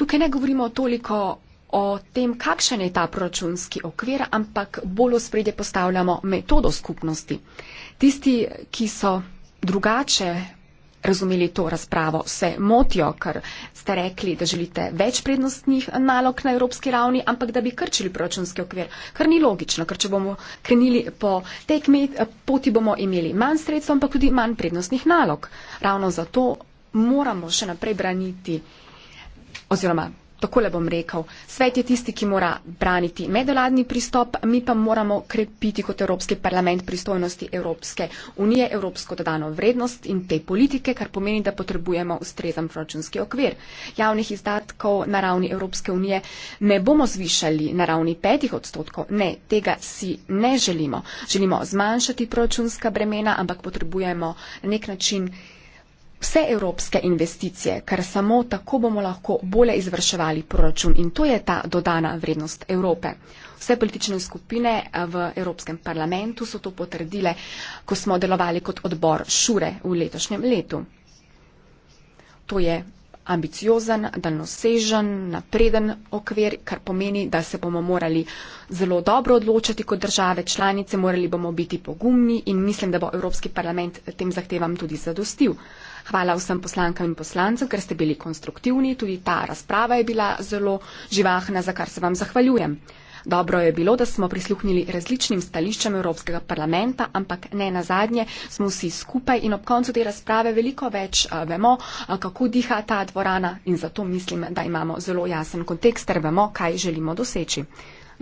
Tukaj ne govorimo toliko o tem, kakšen je ta proračunski okvir, ampak bolj v spredje postavljamo metodo skupnosti. Tisti, ki so drugače razumeli to razpravo, se motijo, ker ste rekli, da želite več prednostnih nalog na evropski ravni, ampak da bi krčili proračunski okvir, kar ni logično, ker če bomo krenili po tekmi, poti bomo imeli manj sredstva, ampak tudi manj prednostnih nalog. Ravno zato moramo še naprej braniti oziroma Takole bom rekel, svet je tisti, ki mora braniti medvladni pristop, mi pa moramo krepiti kot Evropski parlament pristojnosti Evropske unije, Evropsko dodano vrednost in te politike, kar pomeni, da potrebujemo ustrezan proračunski okvir. Javnih izdatkov na ravni Evropske unije ne bomo zvišali na ravni petih odstotkov, ne, tega si ne želimo. Želimo zmanjšati proračunska bremena, ampak potrebujemo na nek način vse evropske investicije, ker samo tako bomo lahko bolje izvrševali proračun in to je ta dodana vrednost Evrope. Vse politične skupine eh, v Evropskem parlamentu so to potrdile, ko smo delovali kot odbor Šure v letošnjem letu. To je ambiciozen, daljnosežen, napreden okvir, kar pomeni, da se bomo morali zelo dobro odločati kot države članice, morali bomo biti pogumni in mislim, da bo Evropski parlament tem zahtevam tudi zadostil. Hvala vsem poslankam in poslancem, ker ste bili konstruktivni. Tudi ta razprava je bila zelo živahna, za kar se vam zahvaljujem. Dobro je bilo, da smo prisluhnili različnim stališčem Evropskega parlamenta, ampak ne na zadnje, smo vsi skupaj in ob koncu te razprave veliko več vemo, kako diha ta dvorana in zato mislim, da imamo zelo jasen kontekst, ker vemo, kaj želimo doseči.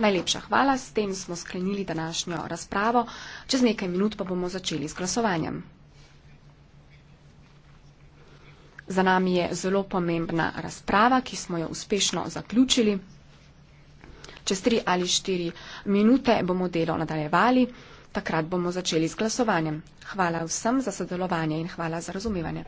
Najlepša hvala, s tem smo sklenili današnjo razpravo. Čez nekaj minut pa bomo začeli s glasovanjem. Za nami je zelo pomembna razprava, ki smo jo uspešno zaključili. Čez tri ali štiri minute bomo delo nadaljevali, takrat bomo začeli z glasovanjem. Hvala vsem za sodelovanje in hvala za razumevanje.